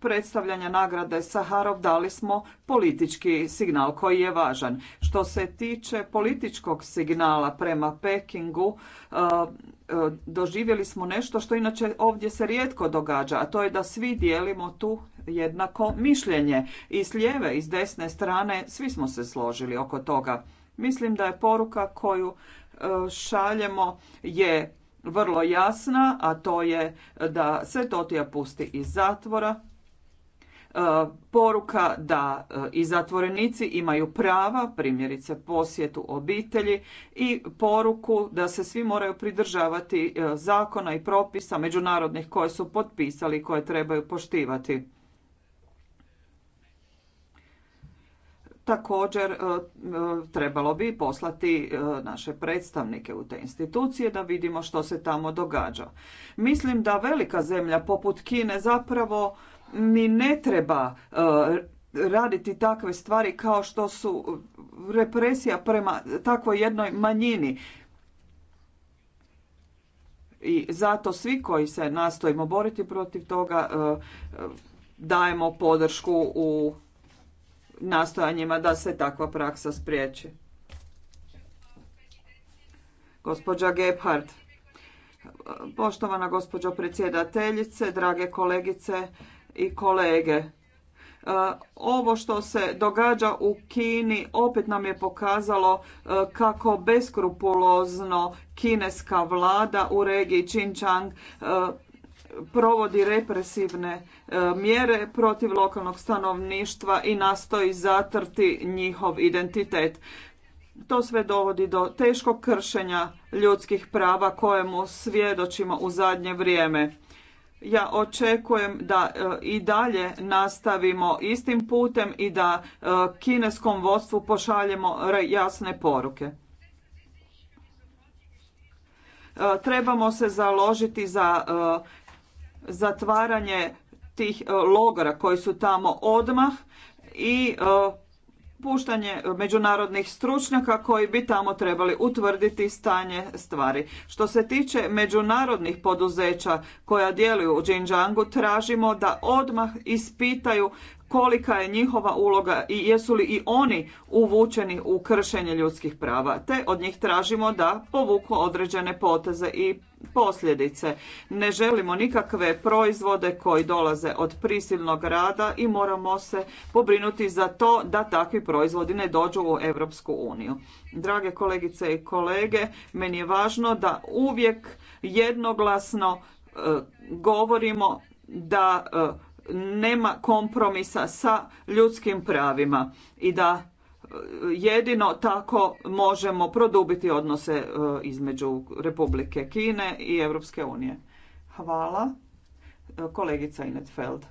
predstavljanja nagrade Saharov dali smo politički signal koji je važan. Što se tiče političkog signala prema Pekingu, e, e, doživjeli smo nešto što inače ovdje se rijetko događa, a to je da svi dijelimo tu jednako mišljenje. I s lijeve i s desne strane svi smo se složili oko toga. Mislim da je poruka koju šaljemo je vrlo jasna, a to je da se Totija pusti iz zatvora. E, poruka da e, i zatvorenici imaju prava, primjerice posjetu obitelji i poruku da se svi moraju pridržavati e, zakona i propisa međunarodnih koje su potpisali i koje trebaju poštivati. Također e, e, trebalo bi poslati e, naše predstavnike u te institucije da vidimo što se tamo događa. Mislim da velika zemlja poput Kine zapravo ni ne treba raditi takve stvari kao što su represija prema takvoj jednoj manjini. I zato svi koji se nastojimo boriti protiv toga dajemo podršku u nastojanjima da se takva praksa spriječi. Gospođa Gebhardt. Poštovana gospođo predsjedateljice, drage kolegice i kolege. E, ovo što se događa u Kini opet nam je pokazalo e, kako beskrupulozno kineska vlada u regiji Xinjiang e, provodi represivne e, mjere protiv lokalnog stanovništva i nastoji zatrti njihov identitet. To sve dovodi do teškog kršenja ljudskih prava kojemu svjedočimo u zadnje vrijeme. Ja očekujem da e, i dalje nastavimo istim putem i da e, kineskom vodstvu pošaljemo jasne poruke trebamo se založiti za zatvaranje tih e, logora koji su tamo odmah i e, puštanje međunarodnih stručnjaka koji bi tamo trebali utvrditi stanje stvari. Što se tiče međunarodnih poduzeća koja djeluju u Xinjiangu, tražimo da odmah ispitaju kolika je njihova uloga i jesu li i oni uvučeni u kršenje ljudskih prava, te od njih tražimo da povuku određene poteze i posljedice. Ne želimo nikakve proizvode koji dolaze od prisilnog rada i moramo se pobrinuti za to da takvi proizvodi ne dođu u Europsku uniju. Drage kolegice i kolege, meni je važno da uvijek jednoglasno e, govorimo da e, nema kompromisa sa ljudskim pravima i da e, jedino tako možemo produbiti odnose e, između Republike Kine i Europske unije. Hvala. E, kolegica Inetfeld.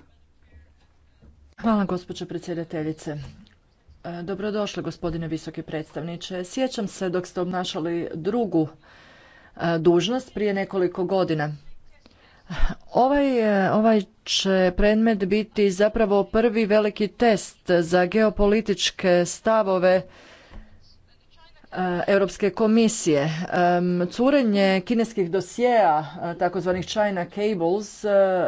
Hvala gospođo predsjedateljice. Dobrodošli gospodine visoki predstavniče. Sjećam se dok ste obnašali drugu dužnost prije nekoliko godina. Ovaj, e, ovaj će predmet biti zapravo prvi veliki test za geopolitičke stavove E, Europske komisije. E, curenje kineskih dosjea, e, takozvanih China Cables,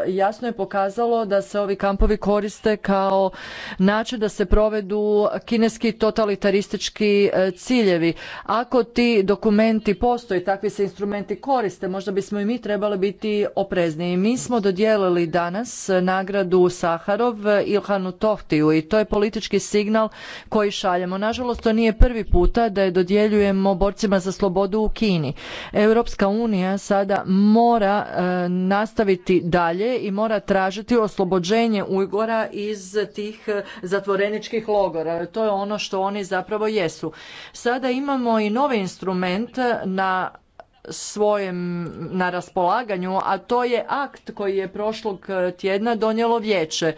jasno je pokazalo da se ovi kampovi koriste kao način da se provedu kineski totalitaristički ciljevi. Ako ti dokumenti postoje, takvi se instrumenti koriste, možda bismo i mi trebali biti oprezniji. Mi smo dodijelili danas nagradu Saharov Ilhanu Tohtiju i to je politički signal koji šaljemo. Nažalost, to nije prvi puta da je dodijelio dodjeljujemo borcima za slobodu u Kini. Europska unija sada mora e, nastaviti dalje i mora tražiti oslobođenje Ujgora iz tih e, zatvoreničkih logora. To je ono što oni zapravo jesu. Sada imamo i novi instrument na svojem na raspolaganju, a to je akt koji je prošlog e, tjedna donijelo vijeće,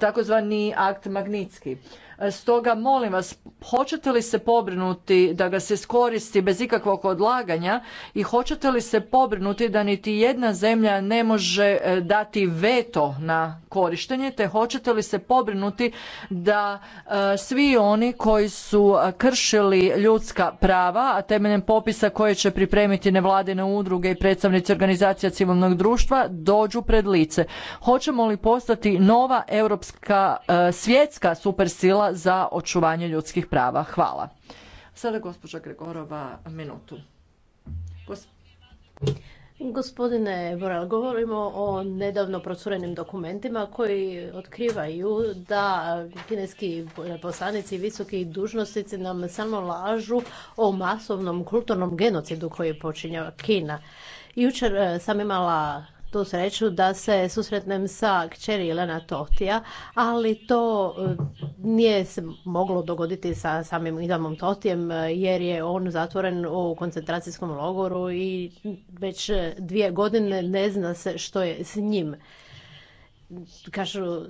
takozvani akt Magnitski. E, stoga molim vas, hoćete li se pobrinuti da ga se skoristi bez ikakvog odlaganja i hoćete li se pobrinuti da niti jedna zemlja ne može e, dati veto na korištenje, te hoćete li se pobrinuti da e, svi oni koji su kršili ljudska prava, a temeljem popisa koje će pripremiti nevladine udruge i predstavnici organizacija civilnog društva, dođu pred lice. Hoćemo li postati nova europska svjetska supersila za očuvanje ljudskih prava. Hvala. Sada gospođa Gregorova minutu. Gospodine Boral, govorimo o nedavno procurenim dokumentima koji otkrivaju da kineski poslanici i visoki dužnosnici nam samo lažu o masovnom kulturnom genocidu koji počinja Kina. Jučer eh, sam imala tu sreću da se susretnem sa kćeri Jelena Totija, ali to e, nije se moglo dogoditi sa samim Idamom Totijem e, jer je on zatvoren u koncentracijskom logoru i već e, dvije godine ne zna se što je s njim. Kažu,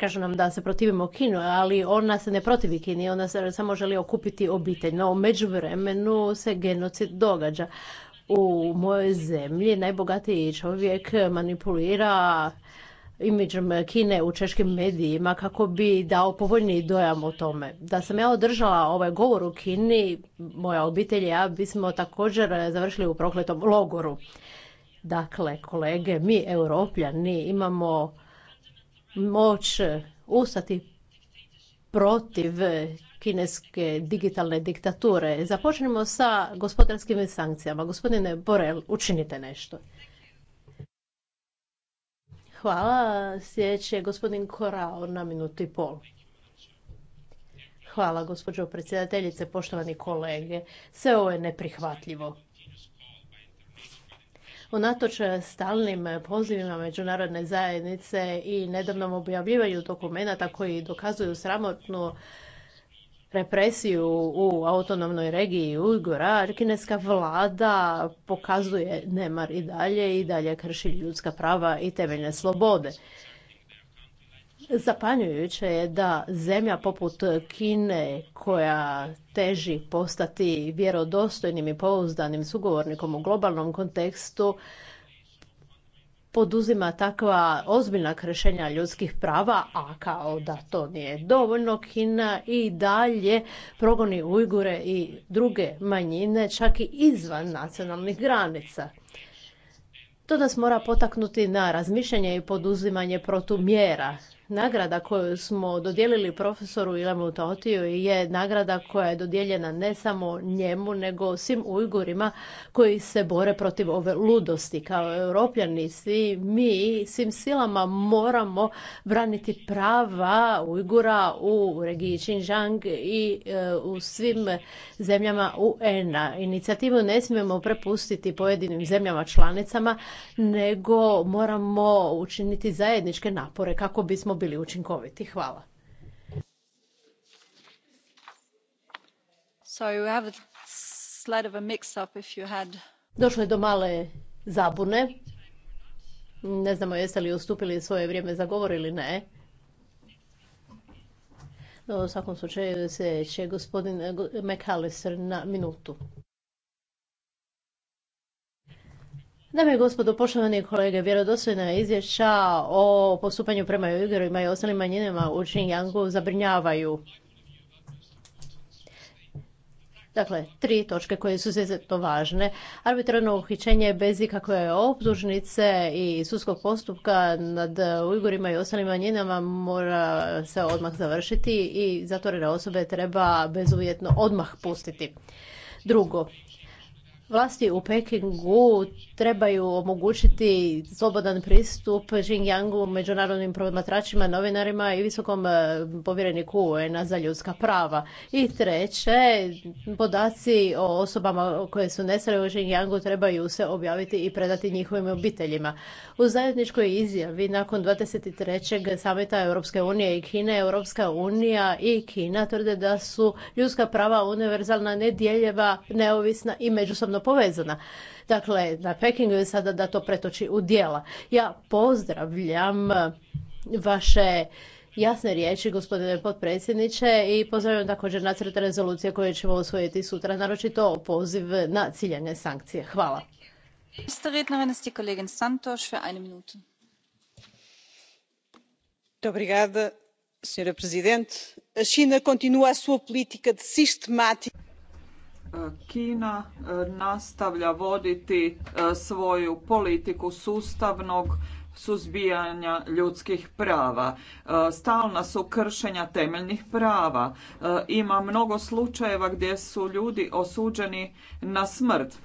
kažu nam da se protivimo Kinu, ali ona se ne protivi Kini, ona se samo želi okupiti obitelj. No, u međuvremenu se genocid događa u mojoj zemlji najbogatiji čovjek manipulira imidžem Kine u češkim medijima kako bi dao povoljni dojam o tome. Da sam ja održala ovaj govor u Kini, moja obitelj i ja bismo također završili u prokletom logoru. Dakle, kolege, mi europljani imamo moć ustati protiv kineske digitalne diktature. Započnimo sa gospodarskim sankcijama. Gospodine Borel, učinite nešto. Hvala. Sljedeći je gospodin Korao na minutu i pol. Hvala, gospođo predsjedateljice, poštovani kolege. Sve ovo je neprihvatljivo. Unatoč stalnim pozivima međunarodne zajednice i nedavnom objavljivaju dokumenata koji dokazuju sramotnu represiju u autonomnoj regiji Ujgora, kineska vlada pokazuje nemar i dalje i dalje krši ljudska prava i temeljne slobode. Zapanjujuće je da zemlja poput Kine koja teži postati vjerodostojnim i pouzdanim sugovornikom u globalnom kontekstu poduzima takva ozbiljna kršenja ljudskih prava, a kao da to nije dovoljno, Kina i dalje progoni Ujgure i druge manjine, čak i izvan nacionalnih granica. To nas mora potaknuti na razmišljanje i poduzimanje protumjera. Nagrada koju smo dodijelili profesoru Ilemu Totiju je nagrada koja je dodijeljena ne samo njemu, nego svim Ujgurima koji se bore protiv ove ludosti. Kao europljani svi mi svim silama moramo braniti prava Ujgura u regiji Xinjiang i e, u svim zemljama UN-a. Inicijativu ne smijemo prepustiti pojedinim zemljama članicama, nego moramo učiniti zajedničke napore kako bismo bili učinkoviti. Hvala. Došlo je do male zabune. Ne znamo jeste li ustupili svoje vrijeme za govor ili ne. No, u svakom slučaju se će gospodin eh, McAllister na minutu. Dame i gospodo, poštovani kolege, vjerodostojna izvješća o postupanju prema Ujgurima i ostalim manjinama u Xinjiangu zabrinjavaju. Dakle, tri točke koje su izuzetno važne. Arbitrarno uhićenje bez ikakve optužnice i sudskog postupka nad Ujgurima i ostalim manjinama mora se odmah završiti i zatvorene osobe treba bezuvjetno odmah pustiti. Drugo, Vlasti u Pekingu trebaju omogućiti slobodan pristup Xinjiangu međunarodnim promatračima, novinarima i visokom e, povjereniku UN-a za ljudska prava. I treće, podaci o osobama koje su nestale u Xinjiangu trebaju se objaviti i predati njihovim obiteljima. U zajedničkoj izjavi nakon 23. samita Europske unije i Kine, Europska unija i Kina tvrde da su ljudska prava univerzalna, nedjeljeva, neovisna i međusobno povezana. Dakle, na Pekingu je sada da to pretoči u dijela. Ja pozdravljam e, vaše jasne riječi, gospodine potpredsjedniče, i pozdravljam također nacrt rezolucije koje ćemo usvojiti sutra, naročito poziv na ciljanje sankcije. Hvala. Obrigada, senhora presidente a china continua a sua política de sistemática. Kina e, nastavlja voditi e, svoju politiku sustavnog suzbijanja ljudskih prava. E, stalna su kršenja temeljnih prava. Ima mnogo slučajeva gdje su ljudi osuđeni na smrt.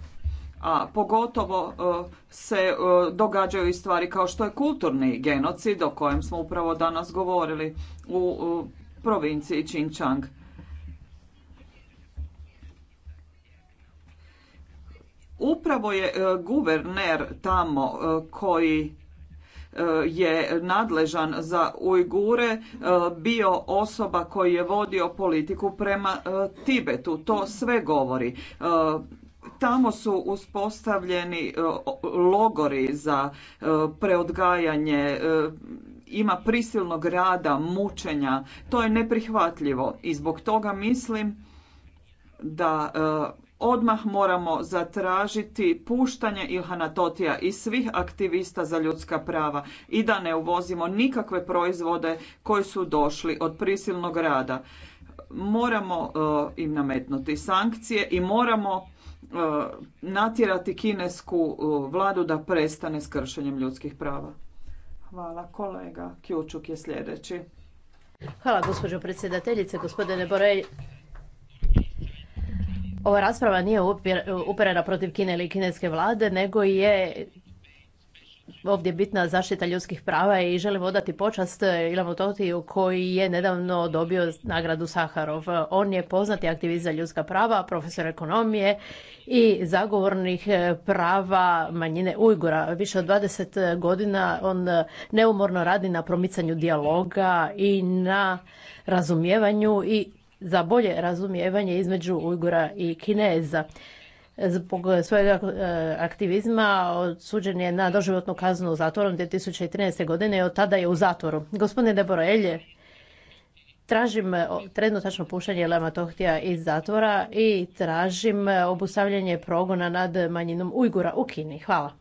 A pogotovo se događaju i stvari kao što je kulturni genocid o kojem smo upravo danas govorili u provinciji Xinjiang. Upravo je e, guverner tamo e, koji e, je nadležan za Ujgure bio osoba koji je vodio politiku prema Tibetu. To sve govori. Tamo su uspostavljeni logori za preodgajanje, ima prisilnog rada, mučenja. To je neprihvatljivo i zbog toga mislim da odmah moramo zatražiti puštanje Ilhana Totija i svih aktivista za ljudska prava i da ne uvozimo nikakve proizvode koji su došli od prisilnog rada. Moramo eh, im nametnuti sankcije i moramo eh, natjerati kinesku eh, vladu da prestane s kršenjem ljudskih prava. Hvala kolega. Kjučuk je sljedeći. Hvala gospođo predsjedateljice, gospodine Borelj ova rasprava nije uperena protiv Kine ili kineske vlade, nego je ovdje bitna zaštita ljudskih prava i želim odati počast Ilamu Totiju koji je nedavno dobio nagradu Saharov. On je poznati aktivist za ljudska prava, profesor ekonomije i zagovornih e, prava manjine Ujgura. Više od 20 godina on neumorno radi na promicanju dijaloga i na razumijevanju i za bolje razumijevanje između Ujgura i Kineza. Zbog svojeg e, aktivizma odsuđen je na doživotnu kaznu u zatvorom 2013. godine i od tada je u zatvoru. Gospodine Elje, tražim trenutačno pušanje Lama Tohtija iz zatvora i tražim obustavljanje progona nad manjinom Ujgura u Kini. Hvala.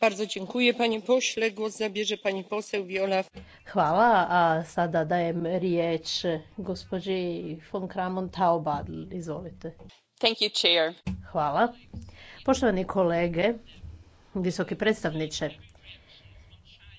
Go predkuje pani polegu zajee pani posev violalav hvala sada dajem rije gospođi von kramon ta obad izzolite. tankerval povei kolege visoki predstavnie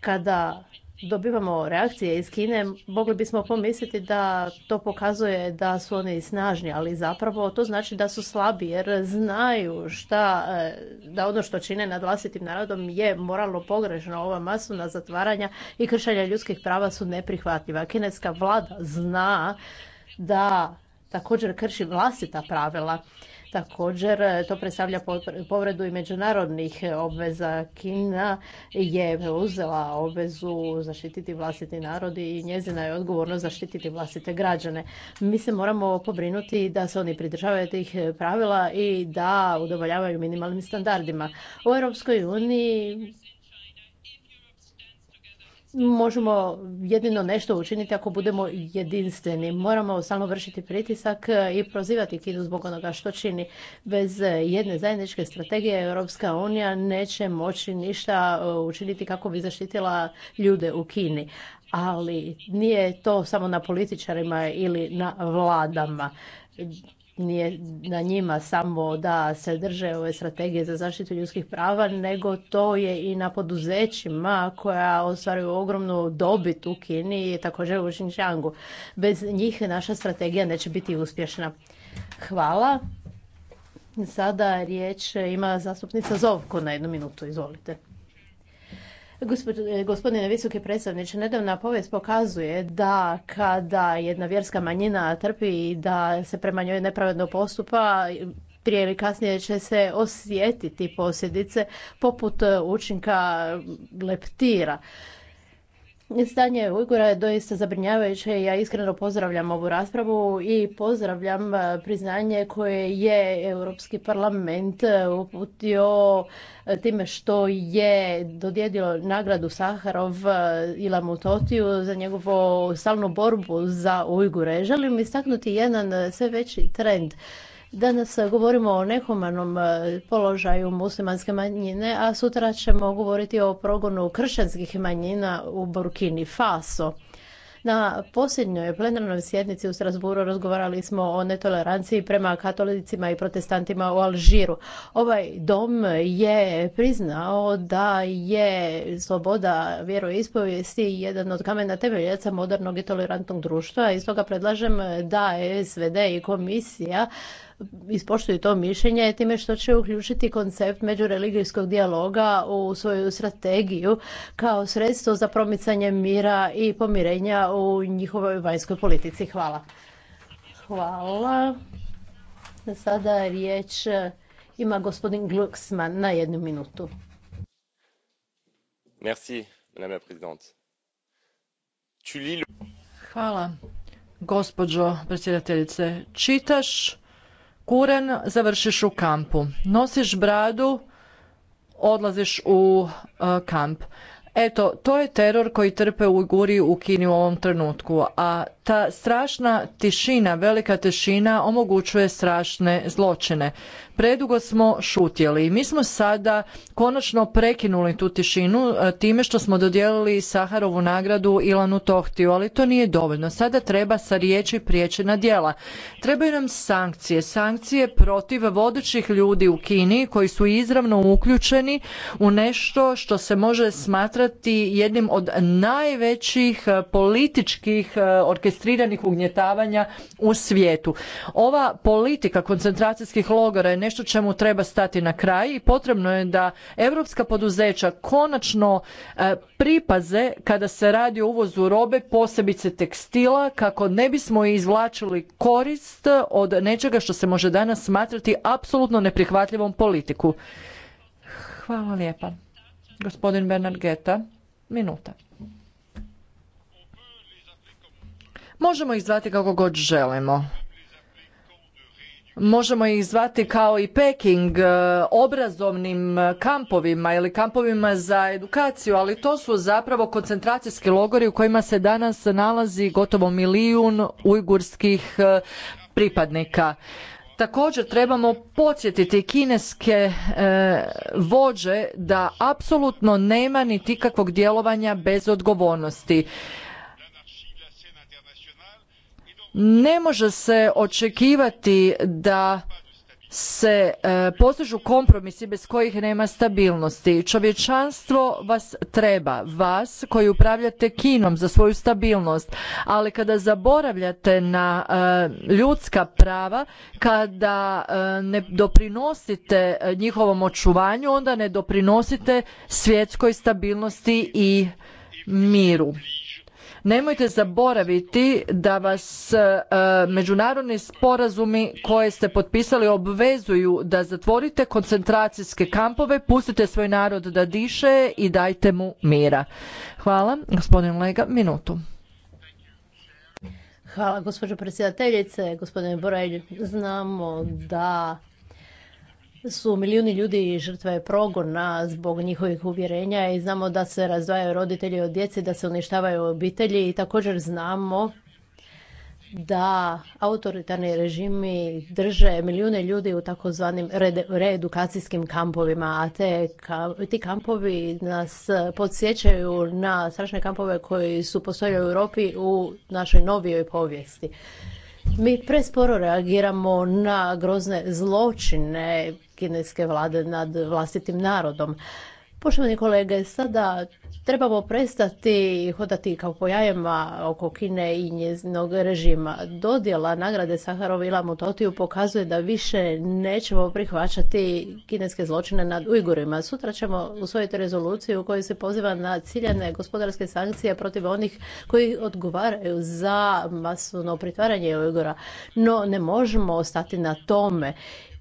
kada dobivamo reakcije iz Kine, mogli bismo pomisliti da to pokazuje da su oni snažni, ali zapravo to znači da su slabi jer znaju šta, e, da ono što čine nad vlastitim narodom je moralno pogrešno. Ova masovna zatvaranja i kršenja ljudskih prava su neprihvatljiva. Kineska vlada zna da također krši vlastita pravila. Također e, to predstavlja povredu i međunarodnih obveza. Kina je uzela obvezu zaštititi vlastiti narod i njezina je odgovorno zaštititi vlastite građane. Mi se moramo pobrinuti da se oni pridržavaju tih pravila i da udovoljavaju minimalnim standardima. U Europskoj uniji možemo jedino nešto učiniti ako budemo jedinstveni. Moramo samo vršiti pritisak e, i prozivati Kinu zbog onoga što čini. Bez e, jedne zajedničke strategije Europska unija neće moći ništa e, učiniti kako bi zaštitila ljude u Kini. Ali nije to samo na političarima ili na vladama nije na njima samo da se drže ove strategije za zaštitu ljudskih prava, nego to je i na poduzećima koja ostvaruju ogromnu dobit u Kini i također u Xinjiangu. Bez njih naša strategija neće biti uspješna. Hvala. Sada riječ ima zastupnica Zovko na jednu minutu. Izvolite. E, gospodine visoki predstavniče, nedavna povijest pokazuje da kada jedna vjerska manjina trpi i da se prema njoj nepravedno postupa, prije ili kasnije će se osjetiti posljedice poput e, učinka leptira. Stanje Ujgura je doista zabrinjavajuće i ja iskreno pozdravljam ovu raspravu i pozdravljam e, priznanje koje je Europski parlament e, uputio e, time što je dodijedilo nagradu Saharov i Totiju za njegovu stalnu borbu za Ujgure. Želim istaknuti jedan sve veći trend Danas e, govorimo o nehumanom e, položaju muslimanske manjine, a sutra ćemo govoriti o progonu kršćanskih manjina u Burkini Faso. Na posljednjoj plenarnoj sjednici u Strasburu razgovarali smo o netoleranciji prema katolicima i protestantima u Alžiru. Ovaj dom je priznao da je sloboda vjeroispovijesti jedan od kamena temeljaca modernog i tolerantnog društva i stoga predlažem da SVD i komisija ispoštuju to mišljenje time što će uključiti koncept međureligijskog dijaloga u svoju strategiju kao sredstvo za promicanje mira i pomirenja u njihovoj vanjskoj politici. Hvala. Hvala. Sada riječ ima gospodin Glucksmann na jednu minutu. Merci, madame la présidente. Hvala, gospođo predsjedateljice. Čitaš kuren, završiš u kampu. Nosiš bradu, odlaziš u e, kamp. Eto, to je teror koji trpe Ujguri u Kini u ovom trenutku, a ta strašna tišina, velika tišina omogućuje strašne zločine. Predugo smo šutjeli i mi smo sada konačno prekinuli tu tišinu e, time što smo dodijelili Saharovu nagradu Ilanu Tohtiju, ali to nije dovoljno. Sada treba sa riječi prijeći na djela. Trebaju nam sankcije, sankcije protiv vodećih ljudi u Kini koji su izravno uključeni u nešto što se može smatrati jednim od najvećih e, političkih e, orkestracija registriranih ugnjetavanja u svijetu. Ova politika koncentracijskih logora je nešto čemu treba stati na kraj i potrebno je da europska poduzeća konačno e, pripaze kada se radi o uvozu robe, posebice tekstila, kako ne bismo izvlačili korist od nečega što se može danas smatrati apsolutno neprihvatljivom politiku. Hvala lijepa. Gospodin Bernard Geta, minuta. Možemo ih zvati kako god želimo. Možemo ih zvati kao i Peking, e, obrazovnim kampovima ili kampovima za edukaciju, ali to su zapravo koncentracijski logori u kojima se danas nalazi gotovo milijun ujgurskih e, pripadnika. Također trebamo podsjetiti kineske e, vođe da apsolutno nema ni kakvog djelovanja bez odgovornosti. Ne može se očekivati da se e, postižu kompromisi bez kojih nema stabilnosti. Čovječanstvo vas treba, vas koji upravljate kinom za svoju stabilnost, ali kada zaboravljate na e, ljudska prava, kada e, ne doprinosite njihovom očuvanju, onda ne doprinosite svjetskoj stabilnosti i miru. Nemojte zaboraviti da vas e, međunarodni sporazumi koje ste potpisali obvezuju da zatvorite koncentracijske kampove, pustite svoj narod da diše i dajte mu mira. Hvala. Gospodin Lega, minutu. Hvala gospođo predsjedateljice, gospodine Borelj. Znamo da su milijuni ljudi žrtve progona zbog njihovih uvjerenja i znamo da se razdvajaju roditelji od djece, da se uništavaju obitelji i također znamo da autoritarni režimi drže milijune ljudi u takozvanim reedukacijskim kampovima, a te, ka, ti kampovi nas podsjećaju na strašne kampove koji su postojali u Europi u našoj novijoj povijesti. Mi presporo reagiramo na grozne zločine kineske vlade nad vlastitim narodom. Poštovani kolege, sada trebamo prestati hodati kao po oko Kine i njezinog režima. Dodjela nagrade Saharovila i pokazuje da više nećemo prihvaćati kineske zločine nad Ujgurima. Sutra ćemo usvojiti rezoluciju u kojoj se poziva na ciljane gospodarske sankcije protiv onih koji odgovaraju za masovno pritvaranje Ujgura. No ne možemo ostati na tome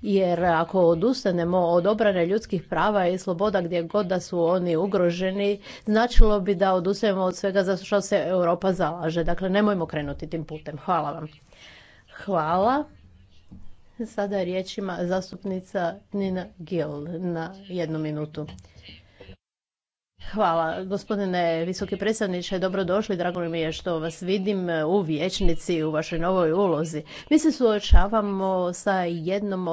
jer ako odustanemo od obrane ljudskih prava i sloboda gdje god da su oni ugroženi, značilo bi da odustajemo od svega za što se Europa zalaže. Dakle, nemojmo krenuti tim putem. Hvala vam. Hvala. Sada riječ ima zastupnica Nina Gill na jednu minutu. Hvala. Gospodine visoki predstavniče, dobrodošli. Drago mi je što vas vidim u vječnici, u vašoj novoj ulozi. Mi se suočavamo sa jednom